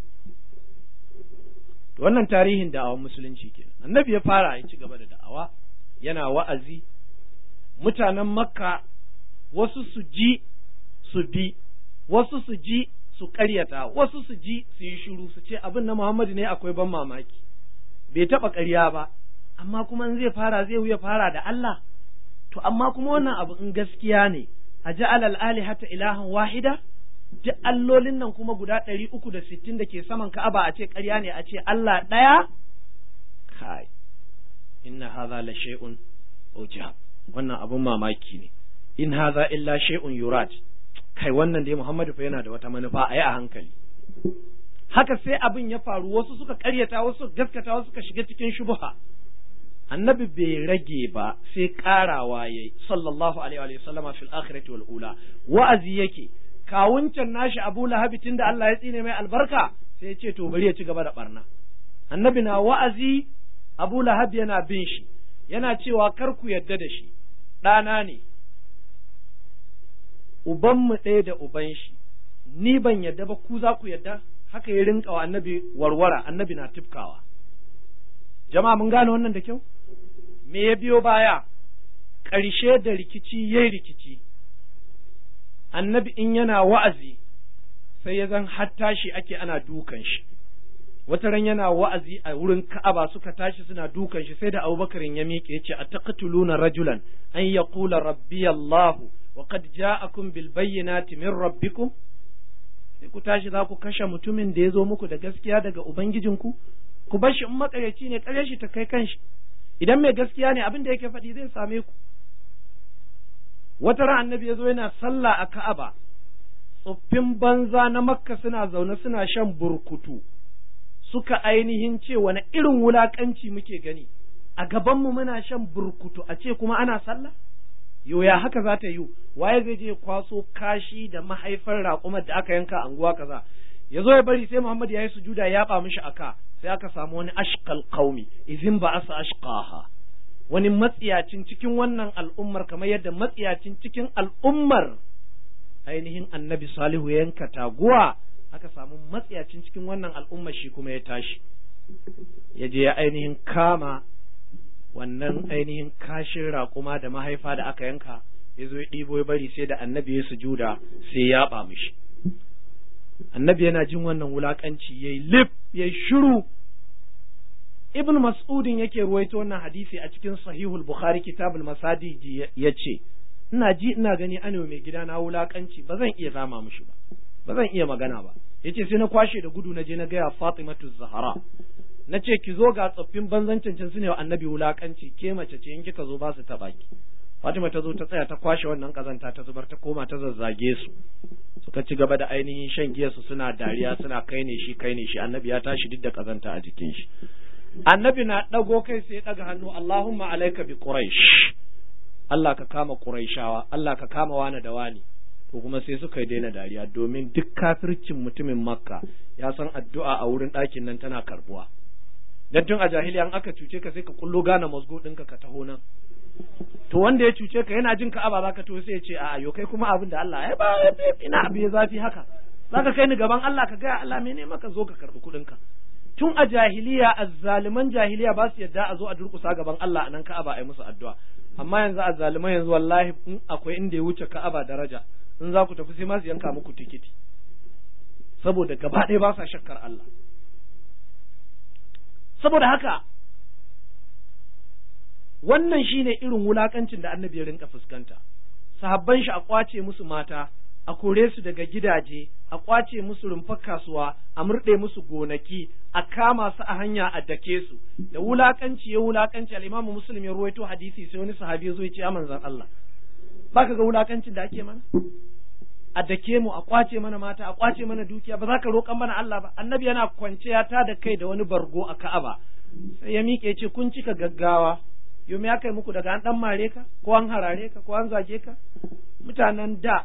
[SPEAKER 1] wannan tarihin da'awar musulunci kenan annabi ya fara ya ci gaba da da'awa yana wa'azi mutanen makka wasu su ji su bi wasu su ji su karyata wasu su ji su yi shuru su ce abin na Muhammadu ne akwai ban mamaki bai taɓa ƙarya ba amma kuma in zai fara zai wuya fara da Allah to amma kuma wannan abu in gaskiya ne a ji ali hata ilahan wahida duk allolin nan kuma guda ɗari uku da sittin da ke saman ka'aba a ce ƙarya ne a ce Allah ɗaya kai inna hadha la shay'un wannan abun mamaki ne in haza illa shay'un yurad kai wannan dai Muhammadu fa yana da wata manufa ayi a hankali haka sai abin ya faru wasu suka karyata wasu gaskata wasu suka shiga cikin shubha annabi bai rage ba sai karawa yayi sallallahu alaihi wa sallama fil akhirati wal ula wa'azi yake kawuncan nashi Abu Lahab tunda Allah ya tsine mai albarka sai ya ce to bari ya ci gaba da barna annabi na wa'azi Abu Lahab yana bin shi yana cewa kar ku yadda da shi ɗana ne ubanmu ɗaya da uban shi ni ban yadda ba ku za ku yadda haka ya rinka wa annabi warwara annabi na tifkawa jama'a mun gane wannan da kyau me ya biyo baya ƙarshe da rikici yayi rikici annabi in yana wa'azi sai ya zan har tashi ake ana dukan shi wata ran yana wa'azi a wurin Ka'aba suka tashi suna dukan shi sai da Abubakar ya miƙe ya ce a na rajulan an yaqula rabbi wa a ja'akum bil bayyinati min rabbikum sai ku tashi za ku kashe mutumin da ya zo muku da gaskiya daga ubangijinku ku bar shi in matsayaci ne kare shi ta kai kanshi idan mai gaskiya ne abin da yake faɗi zai same ku wata ran annabi ya zo yana sallah a ka'aba tsoffin banza na makka suna zaune suna shan burkutu suka ainihin ce wani irin wulaƙanci muke gani a gabanmu muna shan burkutu a ce kuma ana sallah yoya haka za ta yi waye zai je kwaso kashi da mahaifar raƙumar da aka yanka anguwa kaza ya zo ya bari sai Muhammad ya yi sujuda ya ba mishi aka sai aka samu wani ashqal qaumi izin ba asa ashqaha wani matsiyacin cikin wannan al'ummar kamar yadda matsiyacin cikin al'ummar ainihin annabi salihu yanka taguwa aka samu matsiyacin cikin wannan al'ummar shi kuma ya tashi ya je ya ainihin kama wannan ainihin kashin raƙuma da mahaifa da aka yanka ya zo ɗibo ya bari sai da annabi ya sujuda sai ya ɓa mishi annabi yana jin wannan wulaƙanci ya yi lif ya yi shiru ibn mas'udin yake ruwaito wannan hadisi a cikin sahihul bukhari kitabul masadiji ya ce ina ji ina gani anewa mai gida na wulaƙanci ba zan iya zama mishi ba ba zan iya magana ba yace sai na kwashe da gudu na je na gaya fatimatu zahara na ce ki zo ga tsoffin banzan cin su ne wa annabi wulakanci ke mace ce in kika zo ba su taɓa ki Fatima ta zo ta tsaya ta kwashe wannan kazanta ta zubar ta koma ta zazzage su suka ci gaba da ainihin shan giya su suna dariya suna kai ne shi kai ne shi annabi ya tashi duk da kazanta a jikin shi annabi na ɗago kai sai ɗaga hannu Allahumma alaika bi Quraysh Allah ka kama Qurayshawa Allah ka kama wani da wani to kuma sai suka yi daina dariya domin duk kafircin mutumin Makka ya san addu'a a wurin ɗakin nan tana karbuwa dan tun a jahiliya an aka cuce ka sai ka kullo gane mazgo ɗinka ka taho nan to wanda ya cuce ka yana jin ka'aba zaka to sai ya ce a'a yo kai kuma abin da Allah ya ba ina abu zafi haka zaka kai ni gaban Allah ka ga Allah mene maka zo ka karbi kuɗin ka tun a jahiliya azzaliman jahiliya ba su yadda a zo a durkusa gaban Allah a nan ka'aba ai musu addu'a amma yanzu azzaliman yanzu wallahi in akwai inda ya wuce ka'aba daraja in za ku tafi sai ma su yanka muku tikiti saboda gaba ɗaya ba sa shakkar Allah saboda haka wannan shine irin wulakancin da annabi ya rinka fuskanta sahabban shi a kwace musu mata a kore su daga gidaje a kwace musu rumfar kasuwa a murɗe musu gonaki a kama su a hanya a dake su da wulaƙanci ya wulakanci al-Imam Muslim ya ruwaito hadisi sai wani sahabi ya zo ya ce ya manzon Allah baka ga wulakancin da ake mana a dake mu a kwace mana mata a kwace mana dukiya ba za ka roƙan mana Allah ba annabi yana kwance ya da kai da wani bargo a Ka'aba sai ya miƙe ce kun cika gaggawa yau ya kai muku daga an dan mare ka ko an harare ka ko an zage ka mutanen da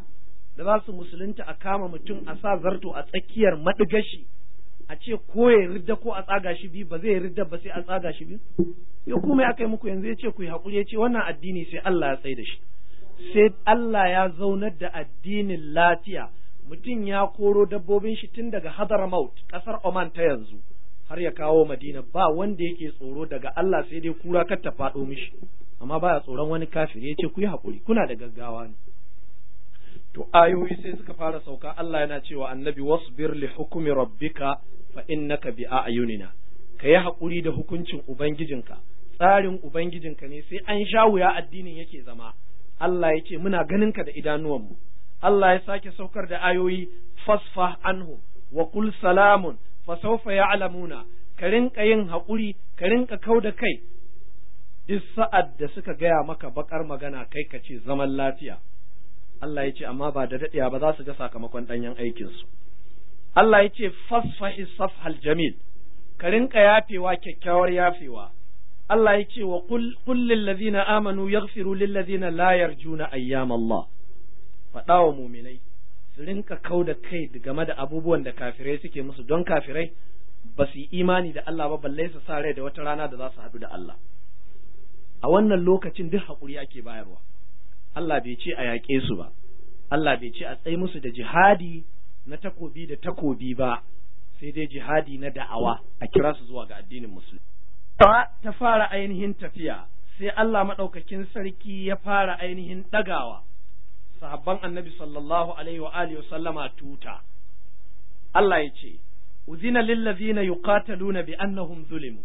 [SPEAKER 1] da za su musulunta a kama mutum a sa zarto a tsakiyar maɗigashi a ce ko ya ridda ko a tsaga shi biyu ba zai ridda ba sai a tsaga shi biyu ya kuma ya kai muku yanzu ya ce ku yi haƙuri ya ce wannan addini sai Allah ya tsaye da shi sai Allah ya zaunar da addinin latiya mutum ya koro dabbobin shi tun daga Hadramaut Ƙasar Oman ta yanzu har ya kawo Madina ba wanda yake tsoro daga Allah sai dai kura kar ta faɗo mishi amma baya tsoron wani kafiri yace ku yi hakuri kuna da gaggawa ne to ayoyi sai suka fara sauka Allah yana cewa annabi wasbir li hukmi rabbika fa innaka bi a'yunina ka yi hakuri da hukuncin ubangijinka tsarin ubangijinka ne sai an sha wuya addinin yake zama Allah ya ce muna ka da idanuwanmu Allah ya sake saukar da ayoyi fasfah anhu wa kul salamun fa sawfa ya'lamuna ka rinka yin haƙuri ka rinka kau da kai duk sa'ad da suka gaya maka bakar magana kai ka ce zaman lafiya Allah ya ce amma ba da daɗiya ba za su ga sakamakon ɗanyen aikinsu Allah ya ce fasfahi safhal jamil ka rinka yafewa kyakkyawar yafewa Allah ya ce wa kullin lazina amanu ya firu lazina layar juna ayyam Allah faɗa wa muminai su rinka kau da kai game da abubuwan da kafirai suke musu don kafirai ba su yi imani da Allah ba balle su sa rai da wata rana da za su haɗu da Allah a wannan lokacin duk haƙuri ake bayarwa Allah bai ce a yaƙe su ba Allah bai ce a tsaye musu da jihadi na takobi da takobi ba sai dai jihadi na da'awa a kira su zuwa ga addinin musulmi ta fara ainihin tafiya sai Allah maɗaukakin sarki ya fara ainihin ɗagawa sahabban annabi sallallahu alaihi wa alihi sallama tuta Allah ya ce uzina lillazina yuqataluna bi annahum zulimu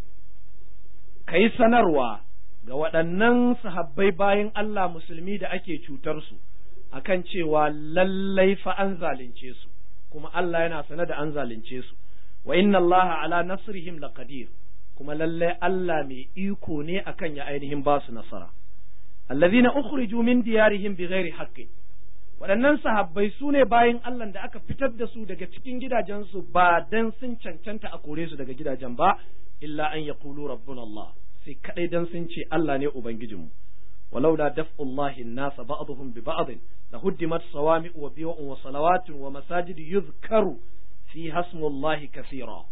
[SPEAKER 1] kai sanarwa ga waɗannan sahabbai bayan Allah musulmi da ake cutar su akan cewa lallai fa an zalunce su kuma Allah yana sanar da an zalunce su wa inna Allah ala nasrihim laqadir kuma lallai Allah mai iko ne akan ya ainihin ba su nasara allazina ukhriju min diyarihim bighairi haqqin waɗannan sahabbai su ne bayan Allah da aka fitar da su daga cikin gidajensu ba dan sun cancanta a kore su daga gidajen ba illa an yaqulu rabbuna Allah sai kadai dan sun ce Allah ne ubangijinmu ولولا دفع الله الناس بعضهم ببعض لهدمت صوامع وبيع وصلوات ومساجد يذكر فيها اسم الله كثيرا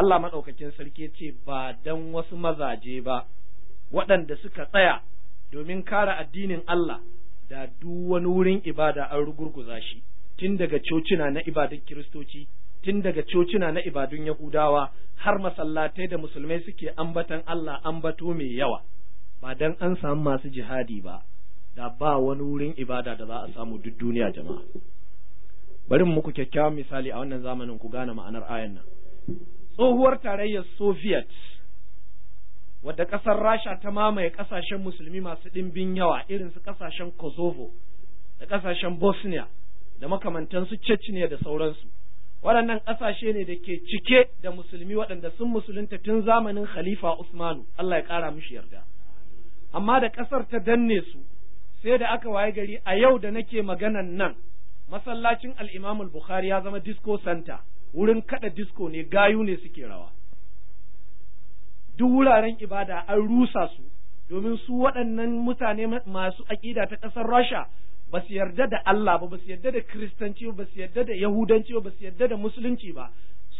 [SPEAKER 1] Allah maɗaukakin sarki ce ba dan wasu mazaje ba waɗanda suka tsaya domin kare addinin Allah da duk wani wurin ibada an rugurguza shi tun daga cocina na ibadun kiristoci tun daga cocina na ibadun yahudawa har masallatai da musulmai suke ambatan Allah ambato mai yawa ba dan an samu masu jihadi ba da ba wani wurin ibada da za a samu duk duniya jama'a bari muku kyakkyawan misali a wannan zamanin ku gane ma'anar ayan nan tsohuwar tarayyar soviet wadda ƙasar rasha ta mamaye ƙasashen musulmi masu ɗimbin yawa irin su ƙasashen kosovo da ƙasashen bosnia da makamantansu chechnya da sauransu waɗannan ƙasashe ne da ke cike da musulmi waɗanda sun musulunta tun zamanin khalifa usmanu allah ya ƙara mishi yarda amma da ƙasar ta danne su sai da aka waye gari a yau da nake maganan nan masallacin al'imamul bukhari ya zama disco center wurin kada disko ne gayu ne suke rawa duk wuraren ibada an rusa su domin su waɗannan mutane masu aƙida ta ƙasar Rasha ba su yarda da Allah ba ba su yarda da Kiristanci ba su yarda da Yahudanci ba su yarda da Musulunci ba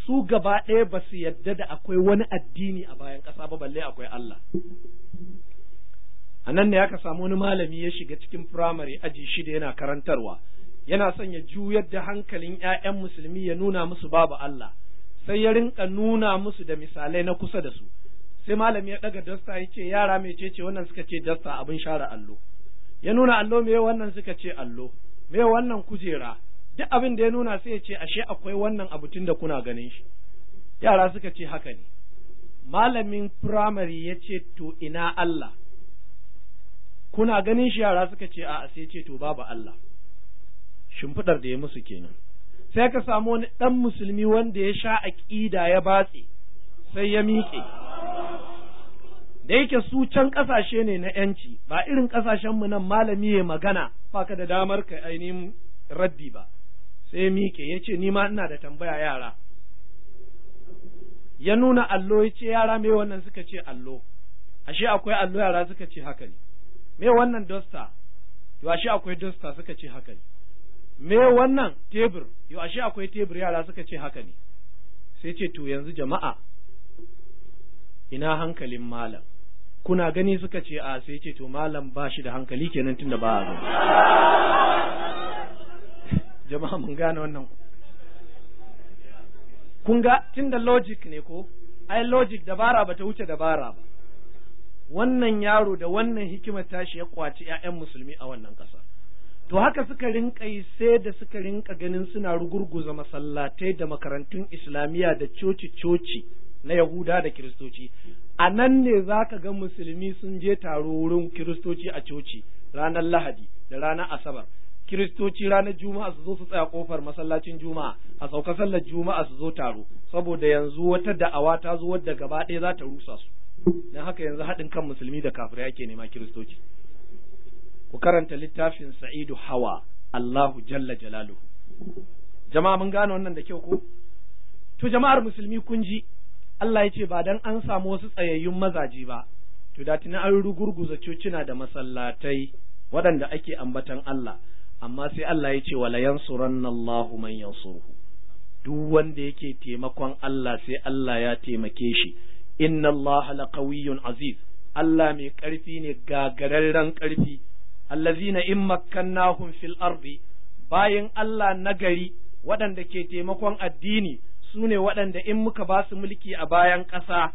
[SPEAKER 1] su gaba ɗaya ba su yarda da akwai wani addini a bayan ƙasa ba balle akwai Allah a nan ne aka samu wani malami ya shiga cikin firamare aji shida yana karantarwa yana son ya juyar da hankalin ‘ya'yan musulmi ya nuna musu babu Allah, sai ya rinka nuna musu da misalai na kusa da su. Sai malami ya ɗaga dasta ya ce yara mai ce wannan suka ce dasta abin share allo. Ya nuna allo me wannan suka ce allo, me wannan kujera, duk abin da ya nuna sai ya ce ashe akwai wannan abu tun da kuna ganin shi. Yara suka ce haka ne. Malamin firamare ya ce to ina Allah. Kuna ganin shi yara suka ce a'a sai ce to babu Allah. shimfidar da ya musu kenan sai ka samu wani ɗan musulmi wanda ya sha aƙida ya batse sai ya miƙe da yake su can ƙasashe ne na ‘yanci ba irin ƙasashenmu nan malami ya magana baka da damar ka ainihin raddi ba sai miƙe ya ce nima ina da tambaya yara ya nuna allo ya ce yara me wannan suka ce allo ashe akwai allo yara suka ce haka ne me wannan dosta to akwai dosta suka ce haka ne me wannan tebur yau ashe akwai tebur yara suka ce haka ne sai ce to yanzu jama'a ina hankalin malam kuna gani suka ce a sai ce to malam ba shi da hankali kenan tunda ba a gani jama'a mun gane wannan kun ga tunda logic ne ko ai logic dabara bata wuce dabara ba wannan yaro da wannan hikimar tashi ya kwaci 'ya'yan musulmi a wannan ƙasa to haka suka rinka yi sai da suka rinka ganin suna rugurguza masallatai da makarantun islamiyya da coci-coci na yahuda da kiristoci a nan ne za ka ga musulmi sun je taro wurin kiristoci a coci ranar lahadi da ranar asabar kiristoci ranar juma'a su zo su tsaya kofar masallacin juma'a a sauka sallar juma'a su zo taro saboda yanzu wata da'awa ta zo wadda gaba ɗaya za ta rusa su don haka yanzu haɗin kan musulmi da kafirai ake nema kiristoci ku karanta littafin sa'idu hawa Allahu jalla jalaluhu jama'a mun gano wannan da kyau ko to jama'ar musulmi kun ji Allah ya ce ba dan an samu wasu tsayayyun mazaje ba to da tuna an rugurguza cocina da masallatai waɗanda ake ambatan Allah amma sai Allah ya ce wala yansuranna Allahu man yansuruhu duk wanda yake taimakon Allah sai Allah ya taimake shi inna Allah laqawiyyun aziz Allah mai ƙarfi ne gagararren ƙarfi allazina in makkannahum fil ardi bayin Allah nagari waɗanda ke taimakon addini sune ne waɗanda in muka ba su mulki a bayan ƙasa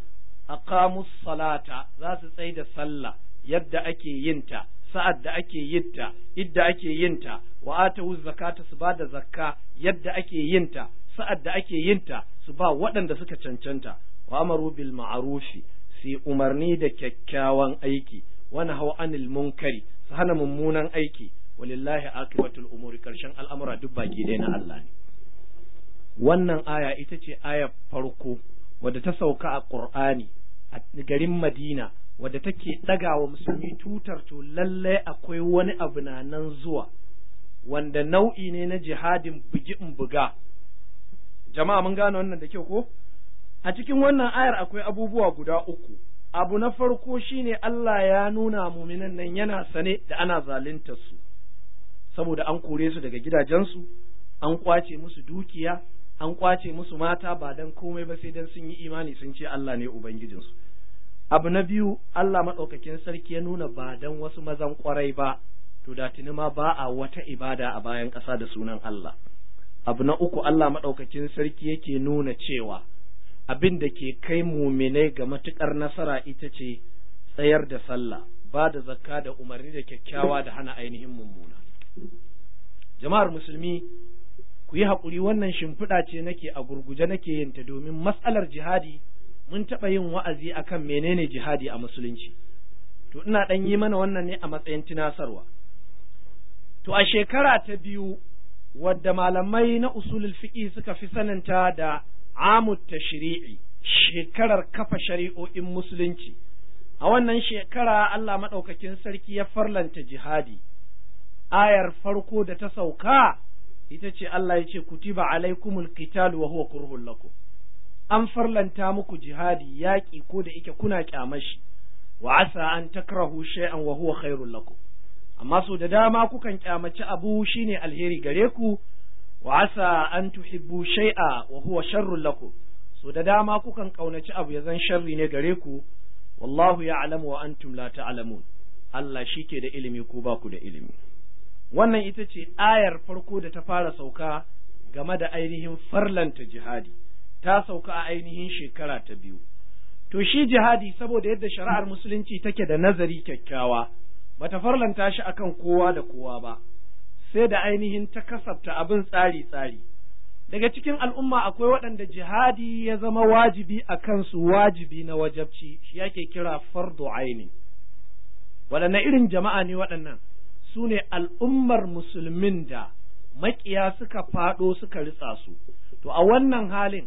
[SPEAKER 1] aqamus salata za su tsai da sallah yadda ake yinta sa'ad da ake yinta idda ake yinta wa atawu zakata su ba da zakka yadda ake yinta sa'ad da ake yinta su ba waɗanda suka cancanta wa amaru bil ma'rufi si umarni da kyakkyawan aiki wa nahaw anil munkari su hana mummunan aiki walillahi akibatul umuri karshen al'amura duk baki ɗaya na Allah ne wannan aya ita ce ayar farko wadda ta sauka a Qur'ani a garin Madina wadda take ɗagawa musulmi tutar to lallai akwai wani abu na nan zuwa wanda nau'i ne na jihadin bugi in buga jama'a mun gane wannan da kyau ko a cikin wannan ayar akwai abubuwa guda uku abu na farko shine Allah ya nuna muminan nan yana sane da ana zaluntar su saboda an kore su daga gidajensu an kwace musu dukiya an kwace musu mata ba dan komai ba sai dan sun yi imani sun ce Allah ne ubangijin su. abu na biyu Allah maɗaukakin sarki ya nuna ba dan wasu mazan kwarai ba to da tuni ma ba a wata ibada a bayan ƙasa da sunan Allah abu na uku Allah maɗaukakin sarki yake nuna cewa abin da ke kai muminai ga matuƙar nasara ita ce tsayar da sallah ba da zakka da umarni da kyakkyawa da hana ainihin mummuna jama'ar musulmi ku yi haƙuri wannan shimfiɗa ce nake a gurguje nake yin ta domin matsalar jihadi mun taɓa yin wa'azi akan menene jihadi a musulunci to ina ɗan yi mana wannan ne a matsayin tunasarwa to a shekara ta biyu wadda malamai na usulul fiqi suka fi saninta da amu tashri'i shekarar kafa shari'o'in musulunci a wannan shekara Allah maɗaukakin sarki ya farlanta jihadi ayar farko da ta sauka ita ce Allah ya ce kutiba alaikumul qital wa huwa kurhul lakum an farlanta muku jihadi yaƙi ko da ike kuna kyamashi wa asa an takrahu shay'an wa huwa khairul lakum amma so da dama kukan kyamaci abu shine alheri gare ku wa asa an tuhibbu shay'a wa huwa sharrun lakum so da dama kukan kaunaci abu ya zan sharri ne gare ku wallahu ya'lamu wa antum la ta'lamun Allah shi ke da ilimi ko ba ku da ilimi wannan ita ce ayar farko da ta fara sauka game da ainihin farlanta jihadi ta sauka a ainihin shekara ta biyu to shi jihadi saboda yadda shari'ar musulunci take da nazari kyakkyawa bata farlanta shi akan kowa da kowa ba sai da ainihin ta kasafta abin tsari-tsari daga cikin al'umma akwai waɗanda jihadi ya zama wajibi a kansu wajibi na wajabci shi yake kira Fardo aini waɗanne irin jama'a ne waɗannan su ne al'ummar musulmin da maƙiya suka faɗo suka ritsa su to a wannan halin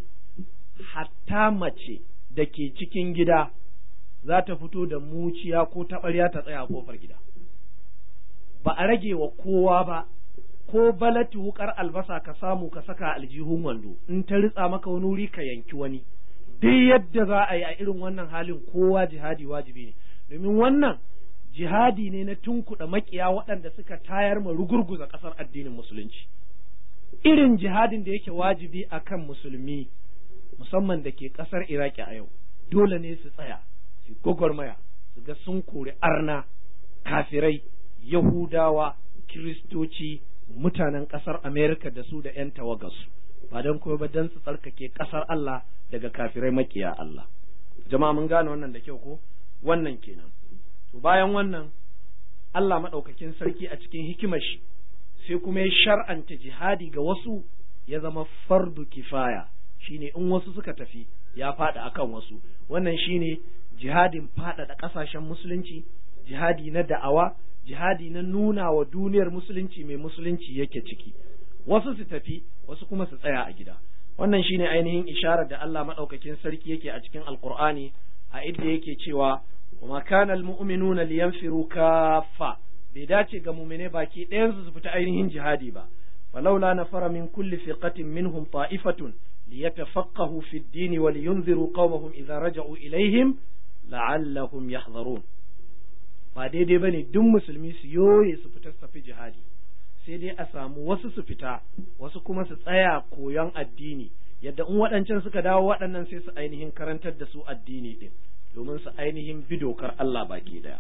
[SPEAKER 1] hatta mace da ke cikin gida za ta fito da muciya ko taɓarya ta tsaya a gida ba a rage wa kowa ba ko balati wukar albasa ka samu ka saka aljihun wando in ta ritsa maka wani wuri ka yanki wani duk yadda za a yi a irin wannan halin kowa jihadi wajibi ne domin wannan jihadi ne na tunkuɗa makiya waɗanda suka tayar ma rugurguza ƙasar addinin musulunci irin jihadin da yake wajibi akan musulmi musamman da ke ƙasar iraki a yau dole ne su tsaya su gwagwarmaya su ga sun kori arna kafirai yahudawa kiristoci mutanen ƙasar Amerika da su da 'yan tawagarsu ba don kuma ba don su tsarkake ƙasar Allah daga kafirai makiya Allah jama'a mun gane wannan da kyau ko wannan kenan to bayan wannan Allah maɗaukakin sarki a cikin hikimar shi sai kuma ya shar'anta jihadi ga wasu ya zama fardu kifaya shine in wasu suka tafi ya faɗa akan wasu wannan shine jihadin faɗaɗa ƙasashen musulunci jihadi na da'awa jihadi na nuna wa duniyar musulunci mai musulunci yake ciki wasu su tafi wasu kuma su tsaya a gida wannan shine ainihin isharar da Allah madaukakin sarki yake a cikin alqur'ani a inda yake cewa wa kana almu'minuna liyanfiru kaffa bai dace ga mu'mine baki ɗayansu su fita ainihin jihadi ba falaula nafara min kulli fiqatin minhum ta'ifatun liyatafaqahu fi ad-din wa liyunziru qaumahum idza raja'u ilaihim la'allahum yahdharun ba daidai ba ne duk musulmi su yoye su fita su jihadi sai dai a samu wasu su fita wasu kuma su tsaya koyon addini yadda in waɗancan suka dawo waɗannan sai su ainihin karantar da su addini ɗin domin su ainihin bi dokar Allah baki ɗaya.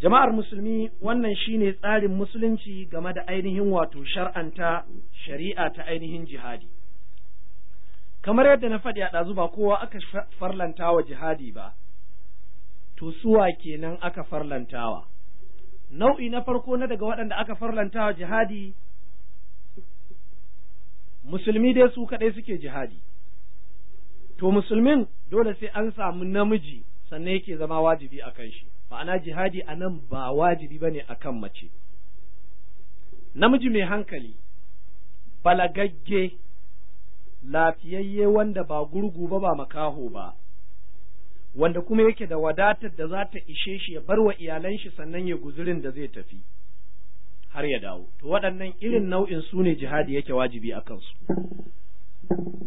[SPEAKER 1] Jama'ar musulmi wannan shine tsarin musulunci game da ainihin wato shar'anta shari'a ta ainihin jihadi. Kamar yadda na faɗi a ɗazu ba kowa aka farlanta wa jihadi ba, to suwa kenan aka farlantawa nau'i na farko na daga waɗanda aka farlantawa jihadi musulmi dai su kaɗai suke jihadi to musulmin dole sai an samu namiji sannan yake zama wajibi a kan shi ma'ana jihadi a nan ba wajibi ba ne a kan mace namiji mai hankali balagagge lafiyayye wanda ba gurgu ba ba makaho ba wanda kuma yake da wadatar da za ta ishe shi ya bar wa iyalan shi sannan ya guzurin da zai tafi har ya dawo to waɗannan irin nau'in su ne jihadi yake wajibi a kansu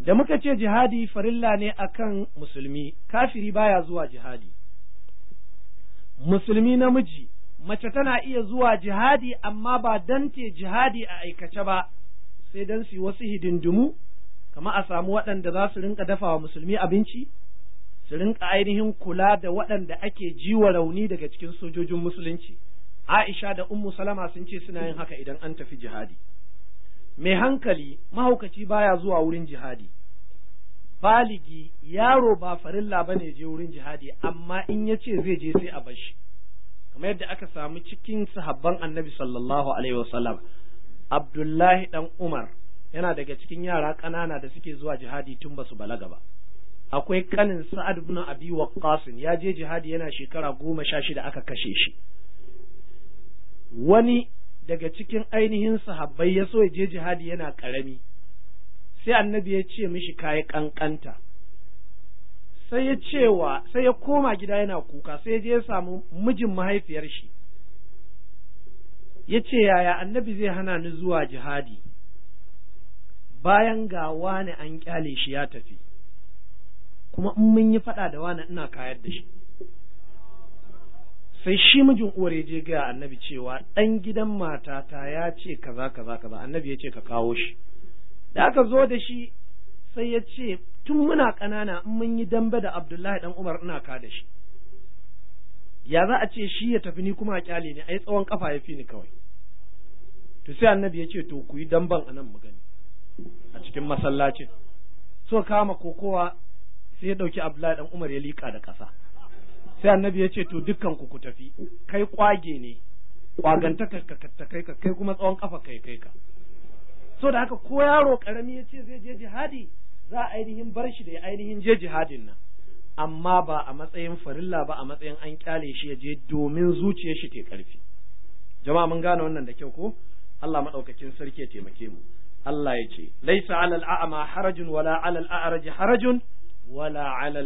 [SPEAKER 1] da muka ce jihadi farilla ne a kan musulmi kafiri baya zuwa jihadi musulmi namiji mace tana iya zuwa jihadi amma ba dante jihadi a aikace ba sai dan su wasu hidindimu kama a samu waɗanda za su rinka dafa wa musulmi abinci su rinka ainihin kula da waɗanda ake jiwa rauni daga cikin sojojin musulunci Aisha da Ummu Salama sun ce suna yin haka idan an tafi jihadi mai hankali mahaukaci baya zuwa wurin jihadi baligi yaro ba farilla bane je wurin jihadi amma in ya ce zai je sai a bashi kamar yadda aka samu cikin sahabban annabi sallallahu alaihi wasallam Abdullahi dan Umar yana daga cikin yara ƙanana da suke zuwa jihadi tun ba su balaga ba akwai kanin sa'ad bin abi waqqas ya je jihadi yana shekara goma sha shida aka kashe shi wani daga cikin ainihin sahabbai ya so ya je jihadi yana karami sai annabi ya ce mishi kayi kankanta sai ya cewa sai ya koma gida yana kuka sai ya je ya samu mijin mahaifiyar shi ya ce yaya annabi zai hana ni zuwa jihadi bayan ga wani an ƙyale shi ya tafi kuma in mun yi faɗa da wani ina kayar da shi sai shi mijin uwar ya je gaya annabi cewa ɗan gidan matata ya ce kaza kaza kaza annabi ya ce ka kawo shi da aka zo da shi sai ya ce tun muna ƙanana in mun yi dambe da abdullahi ɗan umar ina ka da shi ya za a ce shi ya tafi ni kuma a kyale ne a yi tsawon kafa ya fi ni kawai to sai annabi ya ce to ku yi damban a nan mu gani a cikin masallacin so kama kokowa sai ya ɗauki Abdullahi dan Umar ya lika da ƙasa sai annabi ya ce to dukkan ku ku tafi kai kwage ne kwagantaka ka ta kai ka kai kuma tsawon kafa kai kai ka so da haka ko yaro karami ya ce zai je jihadi za a ainihin bar shi da ya ainihin je jihadin nan amma ba a matsayin farilla ba a matsayin an kyale shi ya je domin zuciyar shi ta karfi jama'a mun gane wannan da kyau ko Allah madaukakin sarki ya taimake mu Allah ya ce laisa alal a'ma harajun wala alal araji harajun wala ala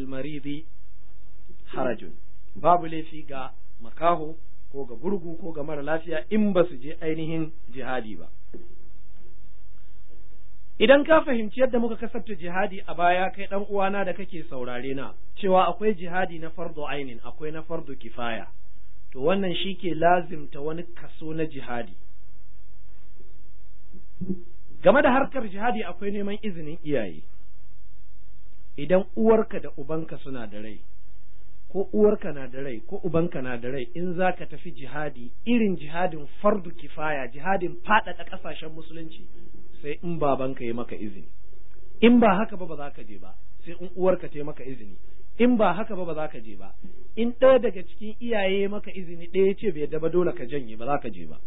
[SPEAKER 1] harajun babu laifi ga makaho ko ga gurgu ko ga mara lafiya in ba su je ainihin jihadi ba idan ka fahimci yadda muka kasarta jihadi a baya kai dan uwana da kake saurare na cewa akwai jihadi na fardu ainin akwai na fardu kifaya to wannan shike ke lazimta wani kaso na jihadi game da harkar jihadi akwai neman izinin iyaye idan uwarka da ubanka suna da rai ko uwarka na da rai ko ubanka na da rai in za ka tafi jihadi irin jihadin fardu kifaya jihadin faɗaɗa ƙasashen musulunci sai in babanka ya maka izini in ba haka ba ba za ka je ba sai in uwarka ta maka izini in ba haka ba ba za ka je ba in ɗaya daga cikin iyaye maka izini ɗaya ce bai ba dole ka janye ba za ka je ba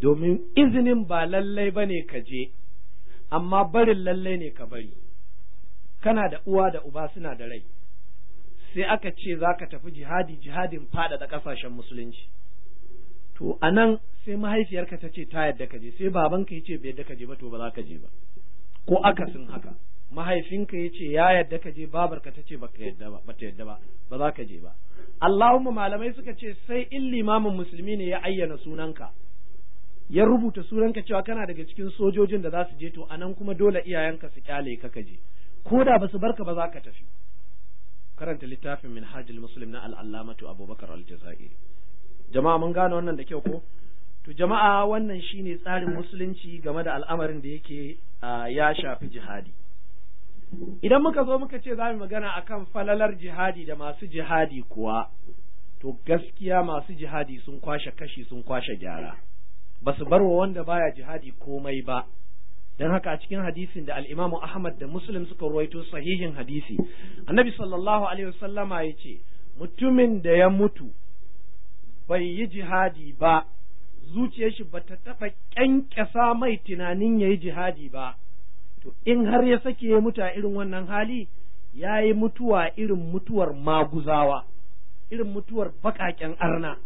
[SPEAKER 1] domin izinin ba lallai ba ne ka je amma barin lallai ne ka bari kana da uwa da uba suna da rai sai aka ce za ka tafi jihadi jihadin faɗaɗa ƙasashen musulunci to a nan sai mahaifiyarka ta ce ta yadda ka je sai babanka ya ce bai yadda ka je ba to ba za ka je ba ko akasin haka mahaifinka ya ce ya yadda ka je babarka ta ce ba ta yadda ba ba za ka je ba Allahumma malamai suka ce sai in limamin musulmi ne ya ayyana sunanka ya rubuta sunanka cewa kana daga cikin sojojin da za su je to anan kuma dole iyayenka su kyale ka ka je ko da ba su barka ba za ka tafi karanta littafin min hajjil muslim na al'allamatu abubakar aljazairi jama'a mun gane wannan da kyau ko to jama'a wannan shine tsarin musulunci game da al'amarin da yake ya shafi jihadi idan muka zo muka ce za mu magana akan falalar jihadi da masu jihadi kuwa to gaskiya masu jihadi sun kwashe kashi sun kwashe gyara ba su bar wa wanda baya jihadi komai ba dan haka a cikin hadisin da al-Imam Ahmad da Muslim suka ruwaito sahihin hadisi Annabi sallallahu alaihi wasallama yace mutumin da ya mutu bai yi jihadi ba zuciyar shi bata taba kyankyasa mai tunanin yayi jihadi ba to in har ya sake ya mutu a irin wannan hali yayi mutuwa irin mutuwar maguzawa irin mutuwar baƙaƙen arna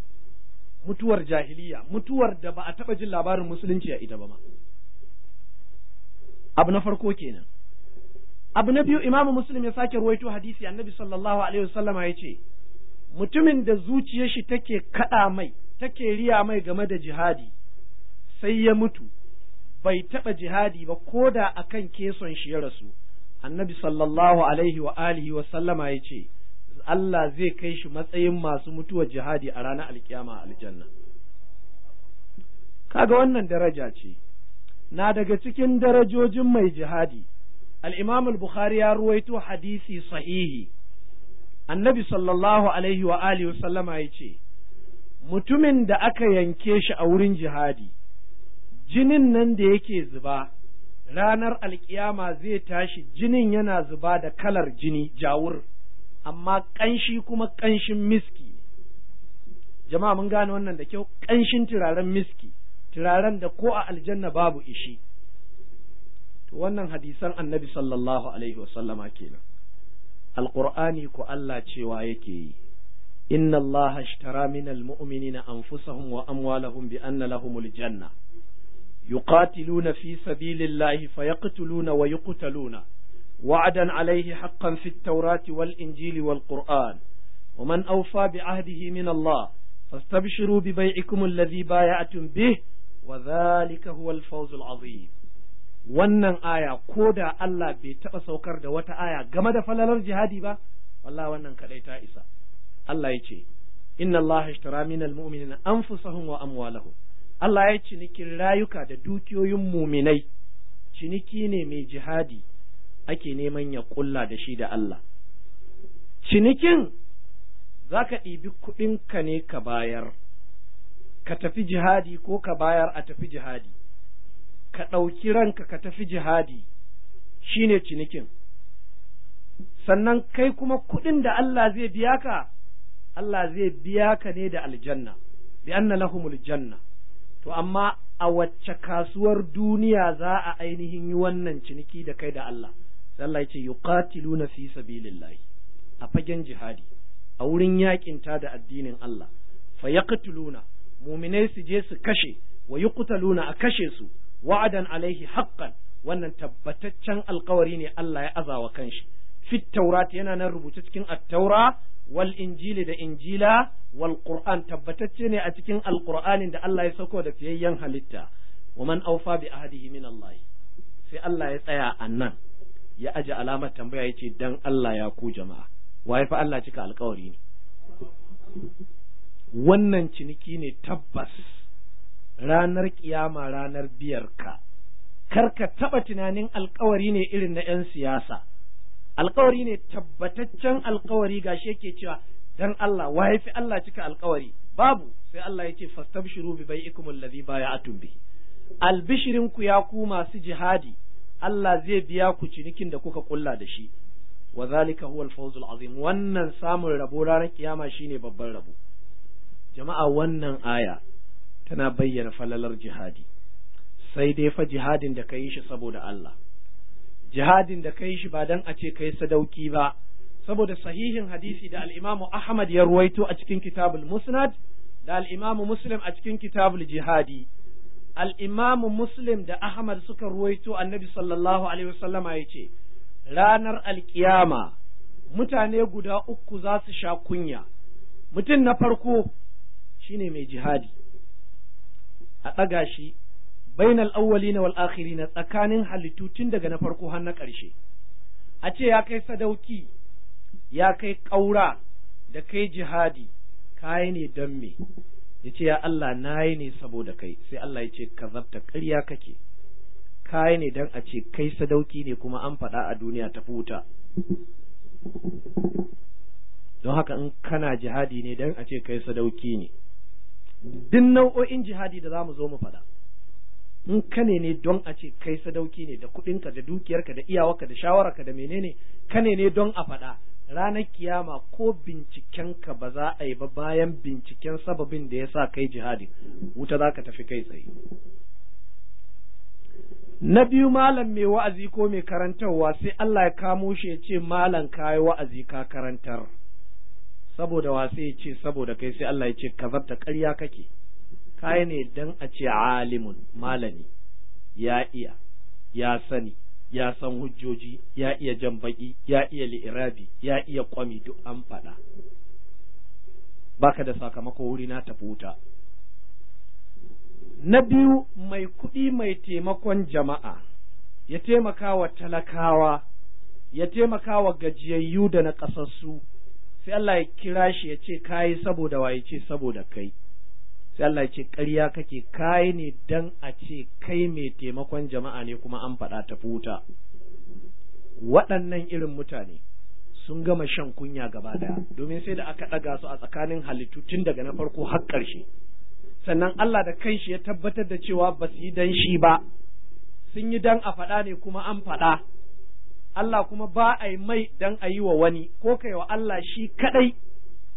[SPEAKER 1] mutuwar jahiliya mutuwar da ba a taɓa jin labarin musulunci a ita ba ma abu na farko kenan abu na biyu imamu muslim ya sake ruwaito hadisi annabi sallallahu alaihi wasallam ya ce mutumin da zuciyar shi take kaɗa mai take riya mai game da jihadi sai ya mutu bai taɓa jihadi ba ko da akan keson shi ya rasu annabi sallallahu alaihi wa alihi wa sallama ya ce Allah zai kai shi matsayin masu mutuwa jihadi a ranar alkiyama aljanna kaga wannan daraja ce na daga cikin darajojin mai jihadi al al-bukhari ya ruwaito hadisi sahihi annabi sallallahu alaihi wa alihi wa sallama ce, mutumin da aka yanke shi a wurin jihadi jinin nan da yake zuba ranar alkiyama zai tashi jinin yana zuba da kalar jini jawur amma ƙanshi kuma ƙanshin miski jama'a mun gane wannan da kyau ƙanshin turaren miski turaren da ko a aljanna babu ishi wannan hadisan annabi sallallahu alaihi wasallama kenan alqur'ani ko Allah cewa yake yi inna Allah ashtara min almu'minina anfusahum wa amwalahum bi anna lahumul janna yuqatiluna fi sabilillahi fayaqtuluna wa yuqtaluna wal عليه حقا في التوراة والإنجيل والقرآن ومن أوفى بعهده bi bai فاستبشروا ببيعكم baya بايعتم به wa zalika huwa al wannan aya ko da Allah bai taɓa saukar da wata aya game da falalar jihadi ba wallah wannan kadai ta isa Allah ya ce inna Allah ishtara min almu'minina anfusahum wa amwalahum Allah ya cinikin rayuka da dukiyoyin muminai ciniki ne mai jihadi ake neman ya kulla da shi da Allah cinikin zaka ɗibi kuɗinka ne ka bayar ka tafi jihadi ko ka bayar a tafi jihadi ka ɗauki ranka ka tafi jihadi shi ne cinikin sannan kai kuma kuɗin da Allah zai biya ka Allah zai biya ka ne da aljanna bi anna lahumul janna to amma a wacce kasuwar duniya za a ainihin yi wannan ciniki da kai da Allah sai Allah yace yuqatiluna fi sabilillahi a fagen jihadi a wurin yaƙinta da addinin Allah yaqtuluna muminai su je su kashe wa yuqtaluna a kashe su wa'adan alaihi haqqan wannan tabbataccen alkawari ne Allah ya azawa kanshi fit taurat yana nan rubuta cikin at-taura wal injili da injila wal qur'an tabbatacce ne a cikin alqur'anin da Allah ya sako da fiyayyen halitta wa man awfa bi ahdihi min Allah sai Allah ya tsaya annan ya aje alamar tambaya yace dan Allah ya ku jama'a wai fa Allah cika alkawari ne wannan ciniki ne tabbas ranar kiyama ranar biyarka kar ka taɓa tunanin alkawari ne irin na 'yan siyasa alkawari ne tabbataccen alkawari gashi yake cewa dan Allah wa fi Allah cika alkawari babu sai Allah ya ce fastabshiru bi bai'ikum baya bay'atum bi albishirin ku ya ku masu jihadi Allah zai biya ku cinikin da kuka kulla da shi wa zalika huwa azim wannan samun rabo ranar kiyama shine babban rabo jama'a wannan aya tana bayyana falalar jihadi sai dai fa jihadin da ka yi shi saboda Allah jihadin da ka yi shi ba dan a ce kai sadauki ba saboda sahihin hadisi da al Ahmad ya ruwaito a cikin Kitabul Musnad da al-Imam Muslim a cikin Kitabul Jihadi al Muslim da Ahmad suka ruwaito Annabi sallallahu alaihi wasallama yace ranar alkiyama mutane guda uku za su sha kunya mutum na farko ne mai jihadi a ɗaga shi bainal na wal na tsakanin halittu tun daga na farko har na ƙarshe a ce ya kai sadauki ya kai ƙaura da kai jihadi kayi ne don me ya ce ya Allah na yi ne saboda kai sai Allah ya ce ka zabta ƙarya kake kayi ne don a ce kai sadauki ne kuma an faɗa a duniya ta futa don haka in kana jihadi ne don a ce kai sadauki ne duk nau'o'in jihadi da za mu zo mu faɗa in ka ne ne don a ce kai sadauki ne da kuɗinka da dukiyarka da iyawarka da shawararka da menene ka ne ne don a faɗa ranar kiyama ko binciken ka ba za a yi ba bayan binciken sababin da ya sa kai jihadi wuta za ka tafi kai tsaye na biyu malam mai wa'azi ko mai karantarwa sai Allah ya kamo shi ya ce malam kayi wa'azi ka karantar saboda wa ya ce saboda kai sai Allah ya ce kazabta ƙarya kake kai ne dan a ce alimun malami ya iya ya sani ya san hujjoji ya iya jan baki ya iya li'irabi ya iya kwami duk an faɗa baka da sakamako wuri na tafi wuta na biyu mai kuɗi mai taimakon jama'a ya taimaka wa talakawa ya taimaka wa gajiyayyu da na ƙasassu sai Allah ya kira shi ya ce kayi saboda wa ce saboda kai sai Allah ya ce ƙarya kake kayi ne dan a ce kai mai taimakon jama'a ne kuma an faɗa ta futa waɗannan irin mutane sun gama shan kunya gaba daya domin sai da aka ɗaga su a tsakanin halittu tun daga na farko har ƙarshe sannan Allah da kanshi ya tabbatar da cewa ba su yi dan shi ba sun yi dan a faɗa ne kuma an faɗa Allah kuma ba a yi mai dan a yi wa wani ko kai wa Allah shi kaɗai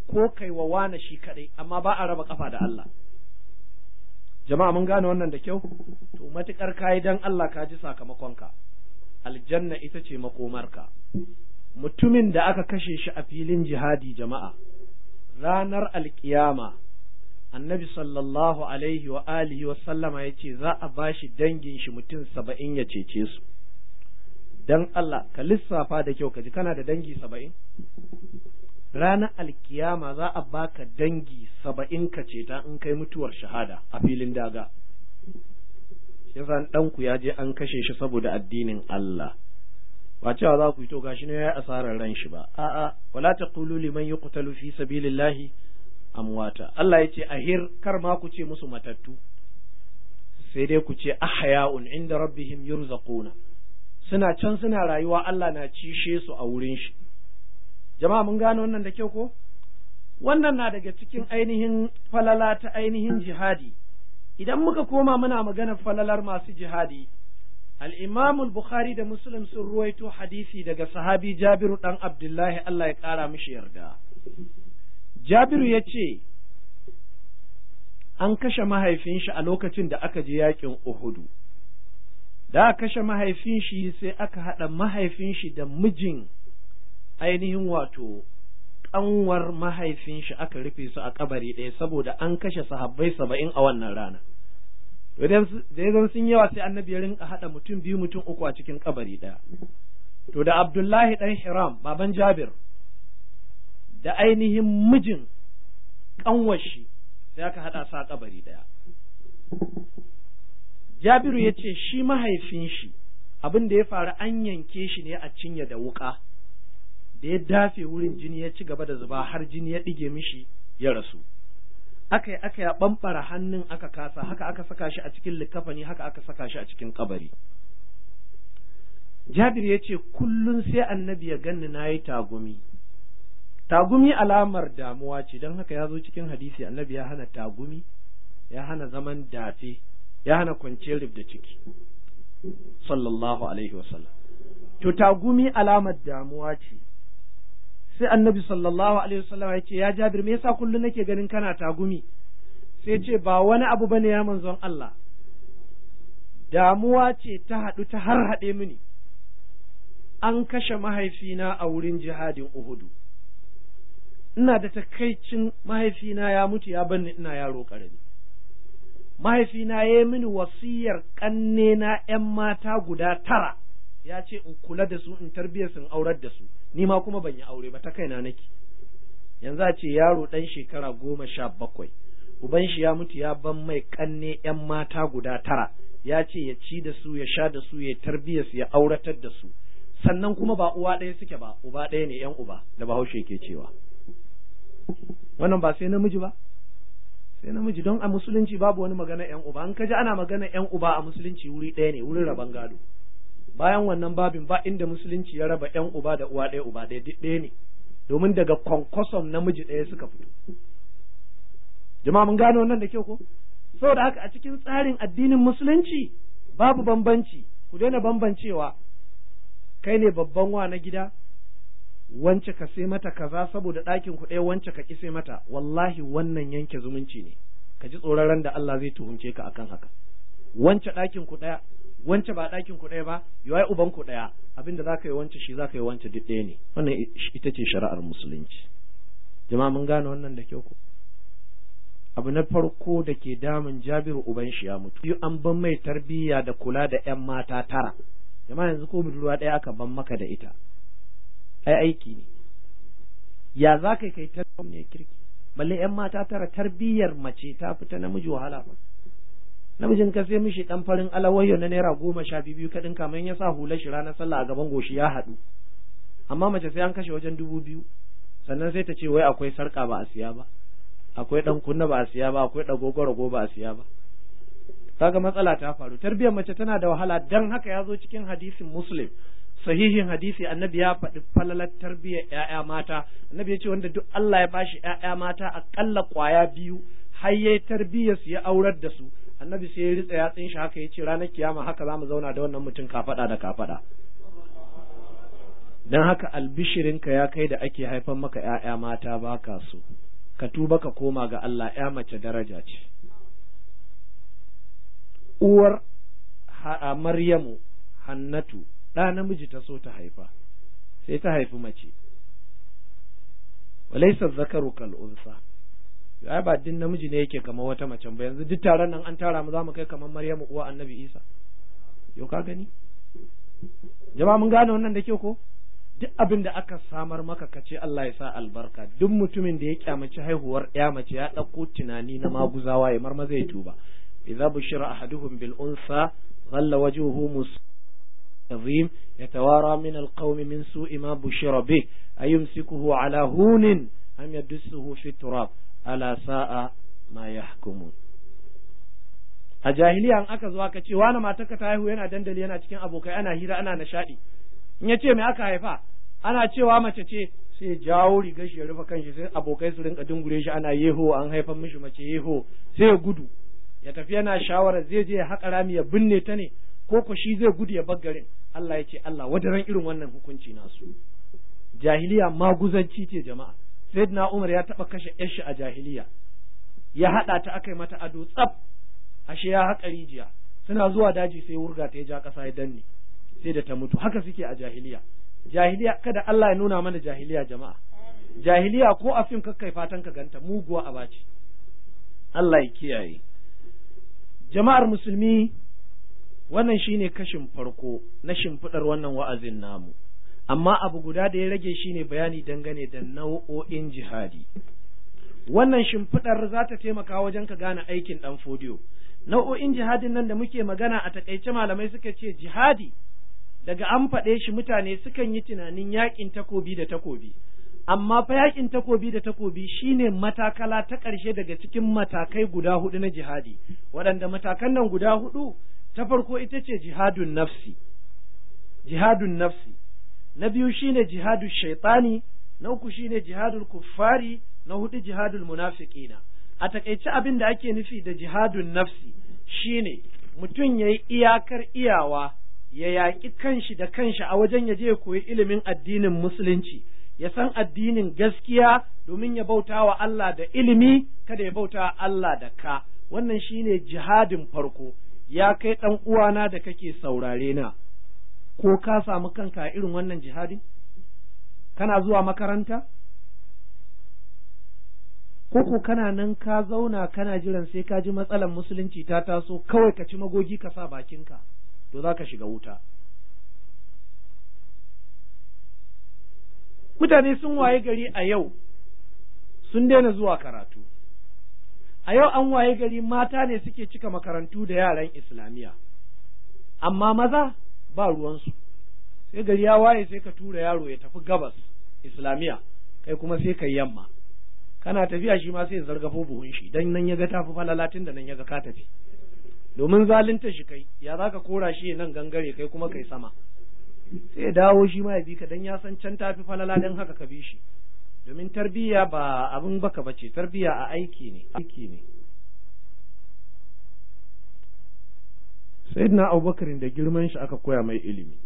[SPEAKER 1] ko kai wa wani shi kaɗai amma ba a raba ƙafa da Allah jama'a mun gane wannan da kyau to matukar kayi dan Allah ka ji sakamakonka aljanna ita ce makomarka mutumin da aka kashe shi a filin jihadi jama'a ranar alkiyama annabi sallallahu alaihi wa alihi wa sallama ya ce za a bashi dangin shi mutum saba'in ya cece su dan Allah ka lissafa da kyau ka ji kana da dangi saba'in ranar alkiyama za a baka dangi saba'in ka ce ta in kai mutuwar shahada a filin daga yasa ɗanku ya je an kashe shi saboda addinin Allah ba cewa za ku yi to gashi ne ya yi asarar ran shi ba a'a wala taqulu liman yuqtalu fi sabilillahi amwata Allah ya ce ahir kar ma ku ce musu matattu sai dai ku ce ahya'un inda rabbihim yurzaquna suna can suna rayuwa Allah na cishe su a wurin shi jama'a mun gano wannan da kyau ko wannan na daga cikin ainihin falala ta ainihin jihadi idan muka koma muna maganar falalar masu jihadi al-Imam bukhari da Muslim sun ruwaito hadisi daga sahabi Jabiru dan Abdullahi Allah ya ƙara mishi yarda Jabiru ya ce an kashe mahaifin shi a lokacin da aka je yaƙin Uhudu da kashe mahaifin shi sai aka haɗa mahaifin shi da mijin ainihin wato ƙanwar mahaifin shi aka rufe su a kabari ɗaya saboda an kashe sahabbai saba'in a wannan rana da ya sun yawa sai annabi ya rinka haɗa mutum biyu mutum uku a cikin kabari ɗaya to da abdullahi ɗan hiram baban jabir da ainihin mijin ƙanwar shi sai aka haɗa su a kabari ɗaya jabiru ya ce shi mahaifin shi abin da ya faru an yanke shi ne a cinya da wuka da ya dafe wurin jini ya ci gaba da zuba har jini ya ɗige mishi ya rasu aka yi aka ya ɓamɓara hannun aka kasa haka aka saka shi a cikin likafani haka aka saka shi a cikin kabari Jabiru ya ce kullum sai annabi ya ganni na yi tagumi tagumi alamar damuwa ce don haka ya zo cikin hadisi annabi ya hana tagumi ya hana zaman dafe ya hana kwanciyar da ciki sallallahu alaihi wasallam to tagumi alamar damuwa ce sai annabi sallallahu alaihi wasallam ya ce ya jabir me yasa kullun nake ganin kana tagumi sai ce ba wani abu bane ya manzon Allah damuwa ce ta haɗu ta har haɗe mini an kashe mahaifina a wurin jihadin Uhudu ina da takaicin mahaifina ya mutu ya banni ina yaro ƙarami mahaifina ya yi mini wasiyar ƙanne na ‘yan mata guda tara ya ce in kula da su in tarbiyyar sun aurar da su ni ma kuma ban yi aure ba ta kaina nake yanzu a ce yaro ɗan shekara goma sha bakwai uban shi ya mutu ya ban mai ƙanne ‘yan mata guda tara ya ce ya ci da su ya sha da su ya tarbiyyar su ya auratar da su sannan kuma ba uwa ɗaya suke ba uba ɗaya ne ‘yan uba da bahaushe ke cewa wannan ba sai namiji ba sai namiji don a musulunci babu wani magana yan uba an ji ana magana yan uba a musulunci wuri ɗaya ne wurin raban gado bayan wannan babin ba inda musulunci ya raba yan uba da uwa ɗaya uba ɗaya ɗaya ne domin daga kwankwason namiji ɗaya suka fito jama'a mun gano wannan da kyau ko saboda haka a cikin tsarin addinin musulunci babu bambanci ku daina bambancewa kai ne babban wa na gida wance ka sai mata kaza saboda ɗakin ku ɗaya wance ka ki sai mata wallahi wannan yanke zumunci ne ka ji tsoron da Allah zai tuhunce ka akan haka wance ɗakin ku ɗaya wance ba ɗakin ku ɗaya ba yayi uban ku ɗaya abinda zaka yi wance shi zaka yi wance duk ɗaya ne wannan ita ce shari'ar musulunci jama'a mun gane wannan da kyau ku. abu na farko da ke damun Jabiru uban shi ya mutu an ban mai tarbiyya da kula da 'yan mata tara jama'a yanzu ko budurwa ɗaya aka ban maka da ita ai aiki ne ya za ka kai tarbiyyar ne kirki balle yan mata tara tarbiyyar mace ta fita namiji wahala ba namijin ka sai mishi dan farin alawayyo na naira goma sha biyu kadin kamar ya sa hular shi ranar sallah a gaban goshi ya haɗu amma mace sai an kashe wajen dubu biyu sannan sai ta ce wai akwai sarka ba a siya ba akwai dan kunna ba a siya ba akwai dagogo rago ba a siya ba kaga matsala ta faru tarbiyyar mace tana da wahala dan haka ya zo cikin hadisin muslim sahihin hadisi annabi ya faɗi falalar tarbiyyar ‘ya'ya mata annabi ya ce wanda duk Allah ya bashi ‘ya'ya mata aƙalla ƙwaya biyu har yayi tarbiyyar su ya aurar da su annabi sai ya ritsa ya shi haka ya ce ranar kiyama haka za mu zauna da wannan mutum kafaɗa da kafaɗa don haka albishirinka ya kai da ake haifan maka ‘ya'ya mata ba ka so ka tuba ka koma ga Allah ‘ya mace daraja ce uwar Maryamu Hannatu ɗa namiji ta so ta haifa sai ta haifi mace walaisa zakaru kal unsa ya ba din namiji ne yake kamar wata mace ba yanzu duk taron nan an tara mu za mu kai kamar maryamu uwa annabi isa yau ka gani jama'a mun gane wannan da kyau ko duk abin da aka samar maka ka ce Allah ya sa albarka duk mutumin da ya kyamaci haihuwar ya mace ya ɗauko tunani na maguzawa ya marma zai tuba idza bushira ahaduhum bil unsa ghalla wajuhu musa التظيم يتوارى من القوم من سوء ما بشر به أيمسكه على هون أم يدسه في التراب ألا ساء ما يحكمون a jahiliya an aka zo aka ce wani matarka ta haihu yana dandali yana cikin abokai ana hira ana nishaɗi in ya ce mai aka haifa ana cewa mace ce sai jawo rigar shi ya rufe kanshi sai abokai su rinka dungure shi ana yeho an haifan mishi mace yeho sai ya gudu ya tafi yana shawara zai je ya haƙa rami ya binne ta ne ko ku shi zai gudu ya bar garin Allah ya ce Allah wadaran irin wannan hukunci nasu jahiliya maguzanci ce jama'a sayyidina Umar ya taba kashe yashi a jahiliya ya hada ta akai mata ado tsaf ashe ya haƙa rijiya suna zuwa daji sai wurga ta ya ja ƙasa ya danne sai da ta mutu haka suke a jahiliya jahiliya kada Allah ya nuna mana jahiliya jama'a jahiliya ko a fim kakkai fatan ka ganta muguwa a baci Allah ya kiyaye jama'ar musulmi wannan shine kashin farko na shimfiɗar wannan wa'azin namu amma abu guda da ya rage shine bayani dangane da nau'o'in jihadi wannan shimfiɗar za ta taimaka wajen ka gane aikin ɗan fodiyo nau'o'in jihadin nan da muke magana a takaice malamai suka ce jihadi daga an faɗe shi mutane sukan yi tunanin yaƙin takobi da takobi amma fa yaƙin takobi da takobi shine matakala ta ƙarshe daga cikin matakai guda huɗu na jihadi waɗanda matakan nan guda huɗu. ta farko ita ce jihadun nafsi jihadun nafsi na biyu shine jihadun shaitani na uku shine jihadun kuffari na hudu jihadun munafiqina a takaice abin da ake nufi da jihadun nafsi shine mutum yayi iyakar iyawa ya yaƙi kanshi da kanshi a wajen ya je koyi ilimin addinin musulunci ya san addinin gaskiya domin ya bauta wa Allah da ilimi kada ya bauta Allah da ka wannan shine jihadin farko ya kai ɗan uwana da kake saurare na ko ka samu kanka irin wannan jihadin kana zuwa makaranta ko ko kana nan ka zauna kana jiran sai ka ji matsalar musulunci ta taso kawai ka ci magogi ka sa bakinka to za ka shiga wuta mutane sun waye gari a yau sun daina zuwa karatu a yau an waye gari mata ne suke cika makarantu da yaran islamiyya amma maza ba ruwansu sai gari ya waye sai ka tura yaro ya tafi gabas islamiyya kai kuma sai ka yamma kana tafiya shi ma sai ya zargafo buhun shi dan nan ya ga tafi falalatin da nan ya ga ka tafi domin zalunta shi kai ya za ka kora shi nan gangare kai kuma kai sama sai ya dawo shi ma ya bi ka dan ya san can tafi falala dan haka ka bi shi domin tarbiyya ba abin baka bace tarbiyya a aiki ne aiki ne sayyidina abubakar da girman shi aka koya mai ilimi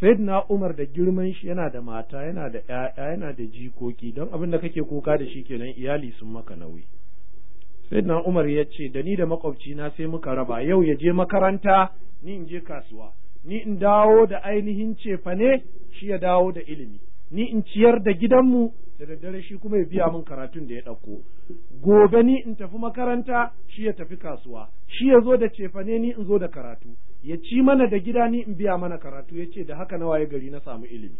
[SPEAKER 1] sayyidina umar da girman shi yana da mata yana da ƴaƴa yana da jikoki don abin da kake kuka da shi kenan iyali sun maka nauyi sayyidina umar ya ce da ni da makwabci na sai muka raba yau ya je makaranta ni in je kasuwa ni in dawo da ainihin cefa ne shi ya dawo da ilimi ni in ciyar da gidanmu da daddare shi kuma ya biya min karatun da ya ɗauko gobe ni in tafi makaranta shi ya tafi kasuwa shi ya zo da cefane ni in zo da karatu ya ci mana da gida ni in biya mana karatu ya ce da haka na waye gari na samu ilimi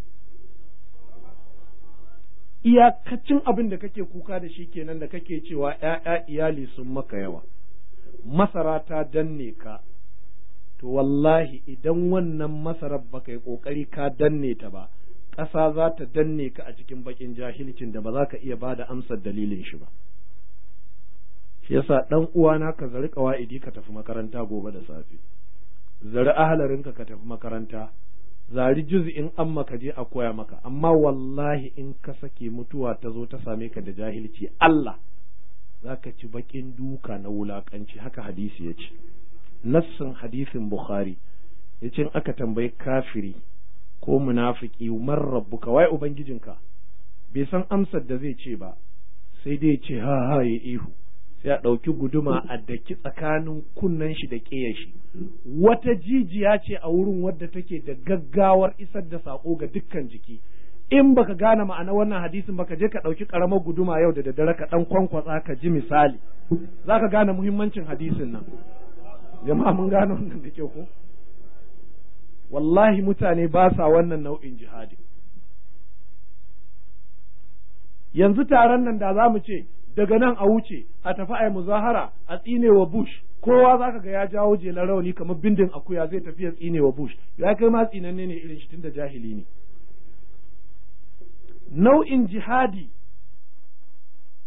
[SPEAKER 1] iyakacin abin da kake kuka da shi kenan da kake cewa ‘ya'ya iyali sun maka yawa masara ta danne ka to wallahi idan wannan masarar baka yi ƙoƙari ka danne ta ba ƙasa za ta danne ka a cikin bakin jahilcin da ba za ka iya ba da amsar dalilin shi ba shi yasa ɗan uwana ka zari ƙawa'idi ka tafi makaranta gobe da safe zari ahalarinka ka tafi makaranta zari in amma ka je a koya maka amma wallahi in ka sake mutuwa ta zo ta same ka da jahilci Allah za ka ci baƙin duka na wulaƙanci haka hadisi ya ce nassin hadisin bukhari ya ce aka tambayi kafiri ko munafiki man rabbuka wai ubangijinka bai san amsar da zai ce ba sai dai ce ha ha ya ihu sai a ɗauki guduma a daki tsakanin kunnen shi da ƙeyar shi wata jijiya ce a wurin wadda take da gaggawar isar da sako ga dukkan jiki in baka gane ma'ana wannan hadisin baka je ka ɗauki ƙaramar guduma yau da daddare ka ɗan kwankwasa ka ji misali za ka gane muhimmancin hadisin nan jama'a mun gane wannan da kyau ko wallahi mutane ba sa wannan nau'in jihadi yanzu taron nan da za mu ce daga nan a wuce a tafi a muzahara a tsinewa bush kowa za ka ga ya jawo jelar rauni kamar bindin akuya zai tafi ya tsine bush ya kai ma tsinanne ne irin shi tunda jahili ne nau'in jihadi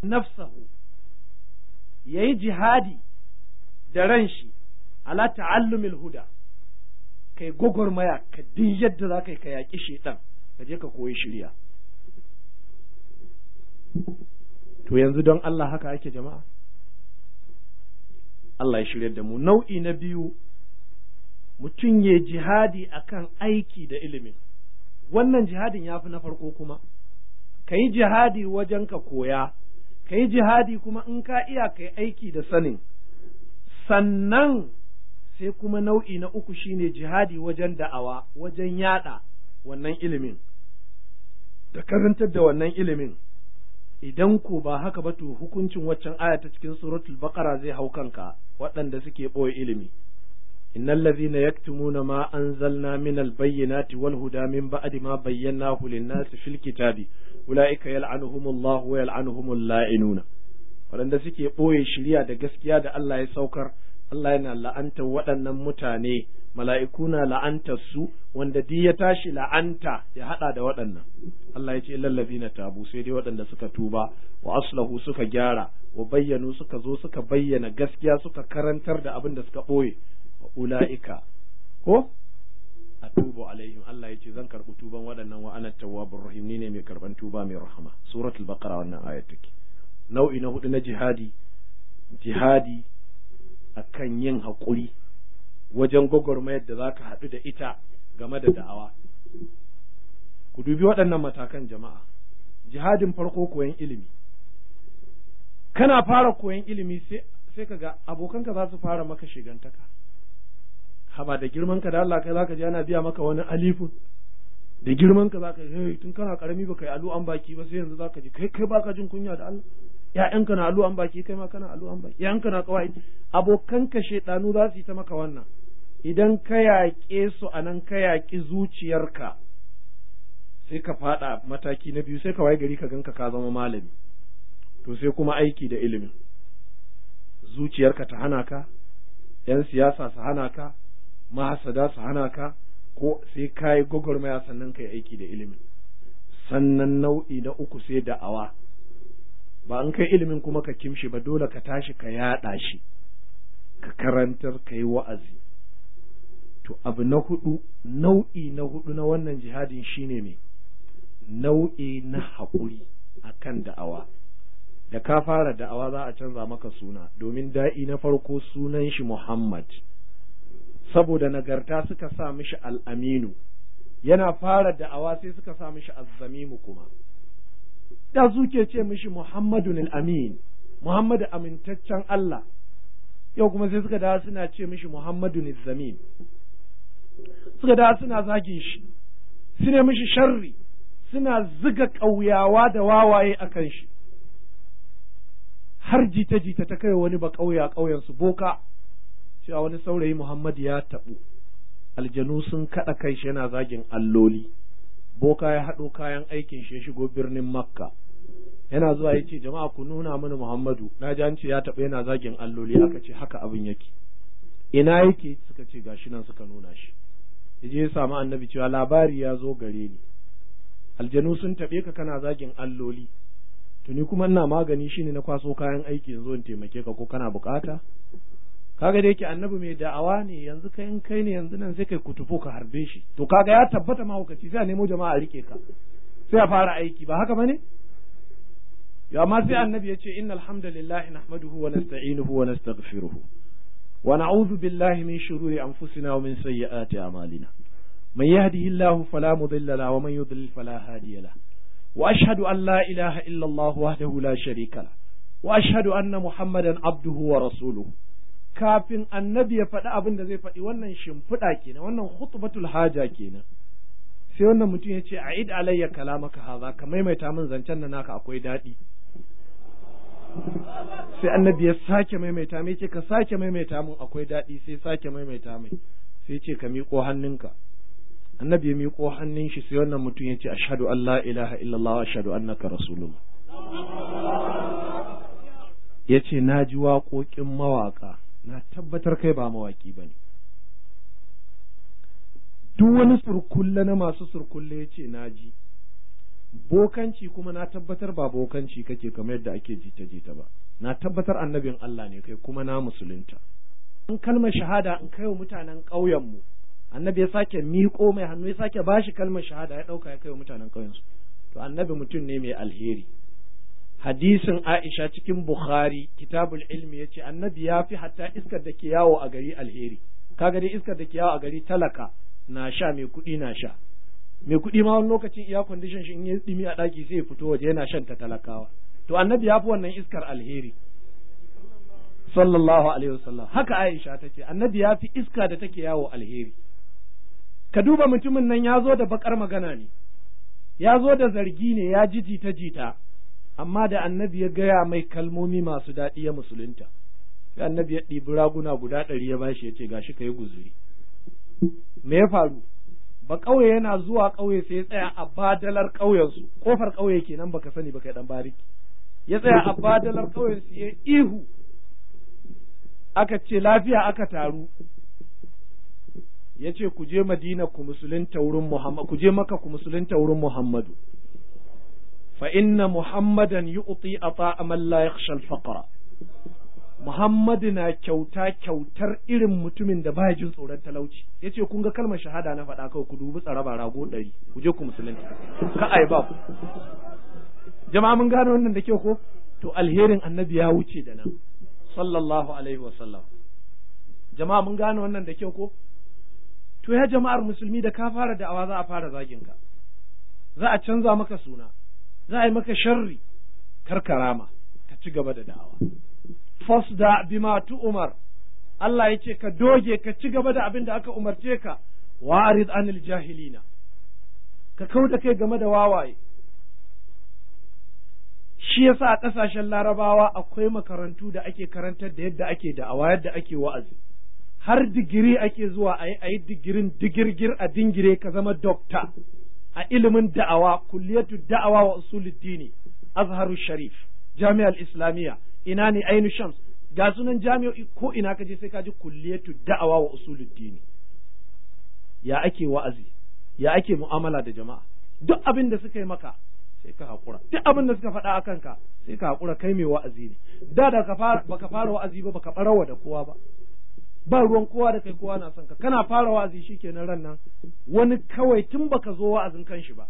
[SPEAKER 1] nafsahu yi jihadi da ran shi ala ta'allumil huda kai gwagwarmaya ka din yadda za ka yi ka yaƙi shaitan ka je ka koyi shirya to yanzu don Allah haka ake jama'a Allah ya shirya da mu nau'i na biyu mutum ya jihadi akan aiki da ilimin wannan jihadin ya fi na farko kuma ka yi jihadi wajen ka koya ka yi jihadi kuma in ka iya ka yi aiki da sanin sannan sai kuma nau'i na uku shine jihadi wajen da'awa wajen yada wannan ilimin da karantar da wannan ilimin idan ko ba haka ba to hukuncin waccan aya ta cikin suratul baqara zai hau kanka waɗanda suke ɓoye ilimi innal ladhina yaktumuna ma anzalna minal bayyinati wal huda min ba'di ma bayyanahu lin-nasi fil kitabi ulaika yal'anuhumullahu wa yal'anuhumul la'inuna waɗanda suke ɓoye shiriya da gaskiya da Allah ya saukar Allah yana la'antar waɗannan mutane mala'iku na la'antar su wanda di ya tashi la'anta ya haɗa da waɗannan Allah ya ce lallabi na tabu sai dai waɗanda suka tuba wa aslahu suka gyara wa bayyanu suka zo suka bayyana gaskiya suka karantar da abin da suka ɓoye wa ula'ika ko a tubu alaihim Allah ya ce zan karɓi tuban waɗannan wa ana tawwabur rahim ne mai karɓan tuba mai rahama suratul baqara wannan ayat take nau'i na hudu na jihadi jihadi akan yin hakuri wajen gwagwarmayar da za ka haɗu da ita game da da'awa ku dubi waɗannan matakan jama'a jihadin farko koyon ilimi kana fara koyon ilimi sai ka ga abokanka za su fara maka shigantaka haba da girmanka da Allah kai za ka ji ana biya maka wani alifu da girmanka za ka ji tun kana karami baka yi alu'an baki ba sai yanzu za ka ji kai kai ka jin kunya da Allah Ya'yanka na alu’an baki kai ma kana alu’an baki ‘ya’yanka na kawai abokanka shedanu za su yi ta maka wannan idan ka yaƙe su a nan ka yaƙi zuciyarka sai ka faɗa mataki na biyu sai ka waye gari ka ganka ka zama malami to sai kuma aiki da ilimi. zuciyarka ta hana ka ‘yan siyasa su hana ka mahasada su hana ka ko sai ka yi gwagwarmaya sannan ka yi aiki da ilimi sannan nau'i na uku sai da'awa ba an kai ilimin kuma ka kimshi ba dole ka tashi ka yaɗa shi ka karantar ka yi wa'azi to abu na hudu nau'i na hudu na wannan jihadin shine ne nau'i na haƙuri akan da'awa da ka fara da'awa za a canza maka suna domin da'i na farko sunan shi Muhammad saboda nagarta suka sa mishi al'aminu yana fara da'awa sai suka sa mishi azzamimu kuma da suke ce mishi Muhammadun al-Amin Muhammadu amintaccen Allah yau kuma sai suka dawo suna ce mishi Muhammadun al-Zamin suka dawo suna zagin shi suna mishi sharri suna ziga ƙauyawa da wawaye a shi har jita-jita ta kai wani ba ƙauya su boka cewa wani saurayi Muhammad ya taɓu aljanu sun kaɗa kai shi yana zagin alloli boka ya haɗo kayan aikin shi ya shigo birnin makka yana zuwa ya ce jama'a ku nuna mini Muhammadu na ji an ce ya taɓa yana zagin alloli aka ce haka abin yake
[SPEAKER 2] ina yake
[SPEAKER 1] suka ce gashi nan suka nuna shi ya je ya samu annabi cewa labari ya zo gare ni aljanu sun taɓe ka kana zagin alloli tuni kuma ina magani shine na kwaso kayan aiki yanzu in taimake ka ko kana bukata kaga da yake annabi mai da'awa ne yanzu kai in kai ne yanzu nan sai kai kutufo ka harbe shi to kaga ya tabbata mahaukaci sai a nemo jama'a a rike ka sai a fara aiki ba haka bane ya sai annabi ya ce innal hamdalillahi nahmaduhu wa nasta'inuhu wa nastaghfiruhu wa na'udhu billahi min shururi anfusina wa min sayyiati a'malina man yahdihillahu fala mudilla lahu wa man yudlil fala hadiya lahu wa ashhadu an la ilaha illa Allah la sharika lahu wa ashhadu anna muhammadan abduhu wa rasuluhu kafin annabi ya faɗi abin da zai faɗi wannan shimfiɗa kenan wannan khutbatul haja kenan sai wannan mutum ya ce a id alayya kalamaka haza ka maimaita min zancen da naka akwai daɗi sai annabi ya sake maimaita mai ce ka sake maimaita mun akwai daɗi sai sake maimaita mai sai ce ka miƙo hannunka annabi ya miƙo hannun shi sai wannan mutum ya ce ashhadu an la ilaha illallah ashhadu annaka rasulullah ya ce na ji waƙoƙin mawaƙa na tabbatar kai ba mawaƙi ba ne duk wani surkulle na masu surkulle ya ce na ji bokanci kuma na tabbatar ba bokanci kake kamar yadda ake jita jita ba na tabbatar annabin Allah ne kai kuma na musulunta in kalmar shahada in kai wa mutanen ƙauyen mu annabi ya sake miƙo mai hannu ya sake bashi kalmar shahada ya ɗauka ya kai wa mutanen ƙauyen su to annabi mutum ne mai alheri hadisin Aisha cikin Bukhari kitabul ilmi yace annabi ya fi hatta iskar da ke yawo a gari alheri kaga dai iskar da ke yawo a gari talaka na sha mai kuɗi na sha mai kuɗi ma wani lokacin iya kondishin shi in ya dimi a ɗaki sai ya fito waje yana shan ta talakawa to annabi ya fi wannan iskar alheri sallallahu alaihi wasallam haka Aisha ta ce annabi ya fi iska da take yawo alheri ka duba mutumin nan ya zo da baƙar magana ne ya zo da zargi ne ya ji jita jita amma da annabi ya gaya mai kalmomi masu daɗi ya musulunta sai annabi ya ɗibi raguna guda ɗari ya bashi ya ce gashi ka yi guzuri me ya faru ba ƙauye yana zuwa ƙauye sai ya tsaya a badalar ƙauyensu kofar ƙauye kenan baka sani baka yi dan bariki ya tsaya a badalar ƙauyensu ya ihu aka ce lafiya aka taru ya ce ku je madina ku musulunta wurin ku je maka ku musulunta wurin muhammadu fa inna muhammadan yu'ti ata man la yakhsha al-faqra Muhammadu na kyauta kyautar irin mutumin da ba jin tsoron talauci ya ce kun ga kalmar shahada na faɗa kawai ku dubi tsaraba rago ɗari ku je ku musulunci. ka ai ba ku jama'a mun gane wannan da kyau ko to alherin annabi ya wuce da nan sallallahu alaihi wa sallam. jama'a mun gane wannan da kyau ko to ya jama'ar musulmi da ka fara da'awa za a fara zagin ka za a canza maka suna za a yi maka sharri karkarama ka ci gaba da da'awa fasda bima tu umar Allah ya ce ka doge ka ci gaba da abin da aka umarce ka wa arid anil jahilina ka kau da kai game da wawaye shi yasa a ƙasashen larabawa akwai makarantu da ake karantar da yadda ake da'awa yadda ake wa'azi har digiri ake zuwa a yi ayi digirin digirgir a dingire ka zama dokta a ilimin da'awa kulliyatu da'awa wa dini azharu sharif jami'ar islamiyya ina ne ainu shams ga sunan jami'o'i ko ina ka je sai ka ji kulliyatu da'awa wa usuluddini ya ake wa'azi ya ake mu'amala da jama'a duk abin da suka yi maka sai ka haƙura duk abin da suka faɗa a kanka sai ka haƙura kai mai wa'azi ne da da baka fara wa'azi ba baka barawa da kowa ba ba ruwan kowa da kai kowa na son ka kana fara wa'azi shikenan ran nan wani kawai tun baka zo wa'azin kanshi ba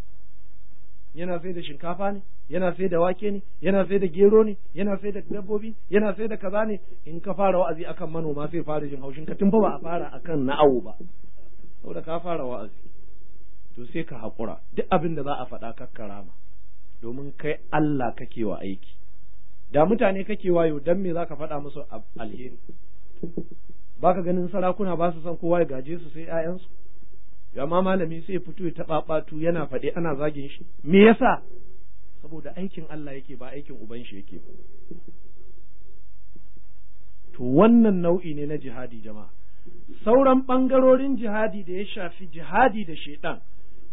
[SPEAKER 1] yana sai da shinkafa ne yana sai da wake ne yana sai da gero ne yana sai da dabbobi yana sai da kaza ne in ka fara wa'azi akan manoma sai fara jin haushin ka tun fa ba a fara akan na'awu ba saboda ka fara wa'azi to sai ka hakura duk abin da za a faɗa kakkarama domin kai Allah kake wa aiki da mutane kake wayo dan me za ka faɗa musu alheri baka ganin sarakuna ba su san kowa ya gaje su sai 'ya'yansu amma malami sai ya fito ya taɓaɓatu yana faɗi ana zagin shi me yasa saboda aikin Allah yake ba aikin uban shi yake ba to wannan nau'i ne na jihadi jama'a sauran ɓangarorin jihadi da ya shafi jihadi da shaiɗan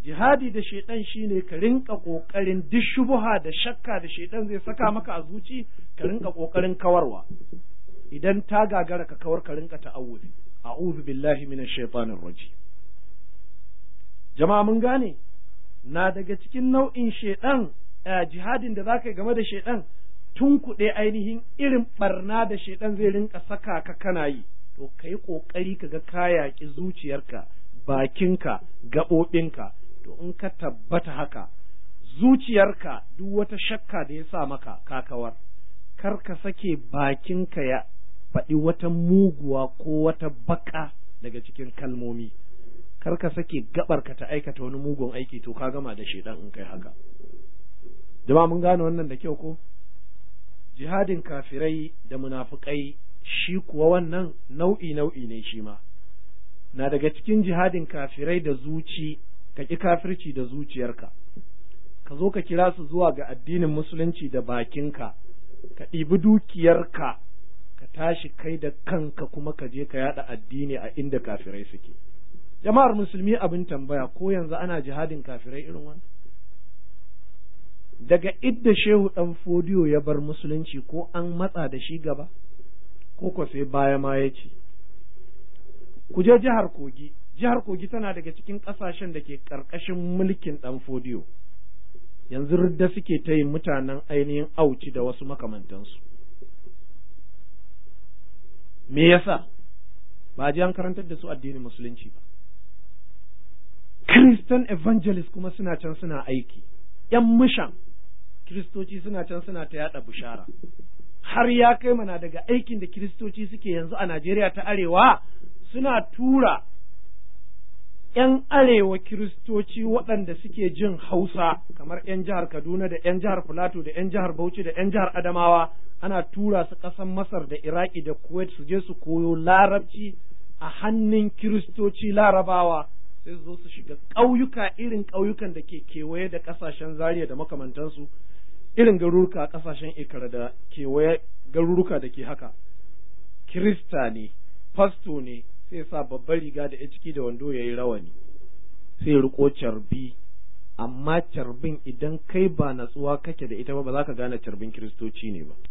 [SPEAKER 1] jihadi da shaiɗan shine ka rinka ƙoƙarin duk shubuha da shakka da shaiɗan zai saka maka a zuci ka rinka ƙoƙarin kawarwa idan ta gagara ka kawar ka rinka ta'awudi a'udhu billahi minash shaitanir rajim jama'a mun gane na daga cikin nau'in shaidan jihadin da zaka yi game da shaidan tun kuɗe ainihin irin barna da shaidan zai rinka saka ka kana yi to ka yi ƙoƙari ka ga kaya ki zuciyarka bakinka gaɓoɓinka to in ka tabbata haka zuciyarka duk wata shakka da ya sa maka kakawar kar ka sake bakinka ya faɗi wata muguwa ko wata baka daga cikin kalmomi kar ka sake gabar ka ta aikata wani mugun aiki to ka gama da shedan in kai haka jama'a mun gane wannan da kyau ko jihadin kafirai da munafukai shi kuwa wannan nau'i nau'i ne shi ma na daga cikin jihadin kafirai da zuci ka ki kafirci da zuciyarka ka zo ka kira su zuwa ga addinin musulunci da bakinka ka ɗibi dukiyarka ka tashi kai da kanka kuma ka je ka yada addini a inda kafirai suke jama'ar musulmi abin tambaya ko yanzu ana jihadin kafirai irin wani daga idda shehu ɗan fodiyo ya bar musulunci ko an matsa da shi gaba ko ko sai baya ma ya ce ku je jihar kogi jihar kogi tana daga cikin ƙasashen da ke ƙarƙashin mulkin ɗan fodiyo yanzu rudda suke ta yin mutanen ainihin auci da wasu makamantansu me yasa ba a ji an karantar da su addinin musulunci ba Christian evangelist kuma suna can suna aiki, ‘yan mishan, Kiristoci suna can suna ta yada bushara. Har ya kai mana daga aikin da Kiristoci suke yanzu a Najeriya ta Arewa suna tura ‘yan arewa Kiristoci waɗanda suke jin Hausa, kamar ‘yan jihar Kaduna da ‘yan jihar Filato da ‘yan jihar Bauchi da ‘yan jihar Adamawa, ana tura su ƙasan Masar da Iraki da Kuwait su je su koyo larabci a hannun Kiristoci larabawa. sai su zo su shiga ƙauyuka irin ƙauyukan da ke kewaye da ƙasashen zariya da makamantansu irin garuruka ƙasashen ikara da kewaye garuruka da ke haka kirista ne fasto ne sai sa babbar riga da ya ciki da wando ya yi rawani sai riko carbi amma carbin idan kai ba natsuwa kake da ita ba ba za ka gane carbin kiristoci ne ba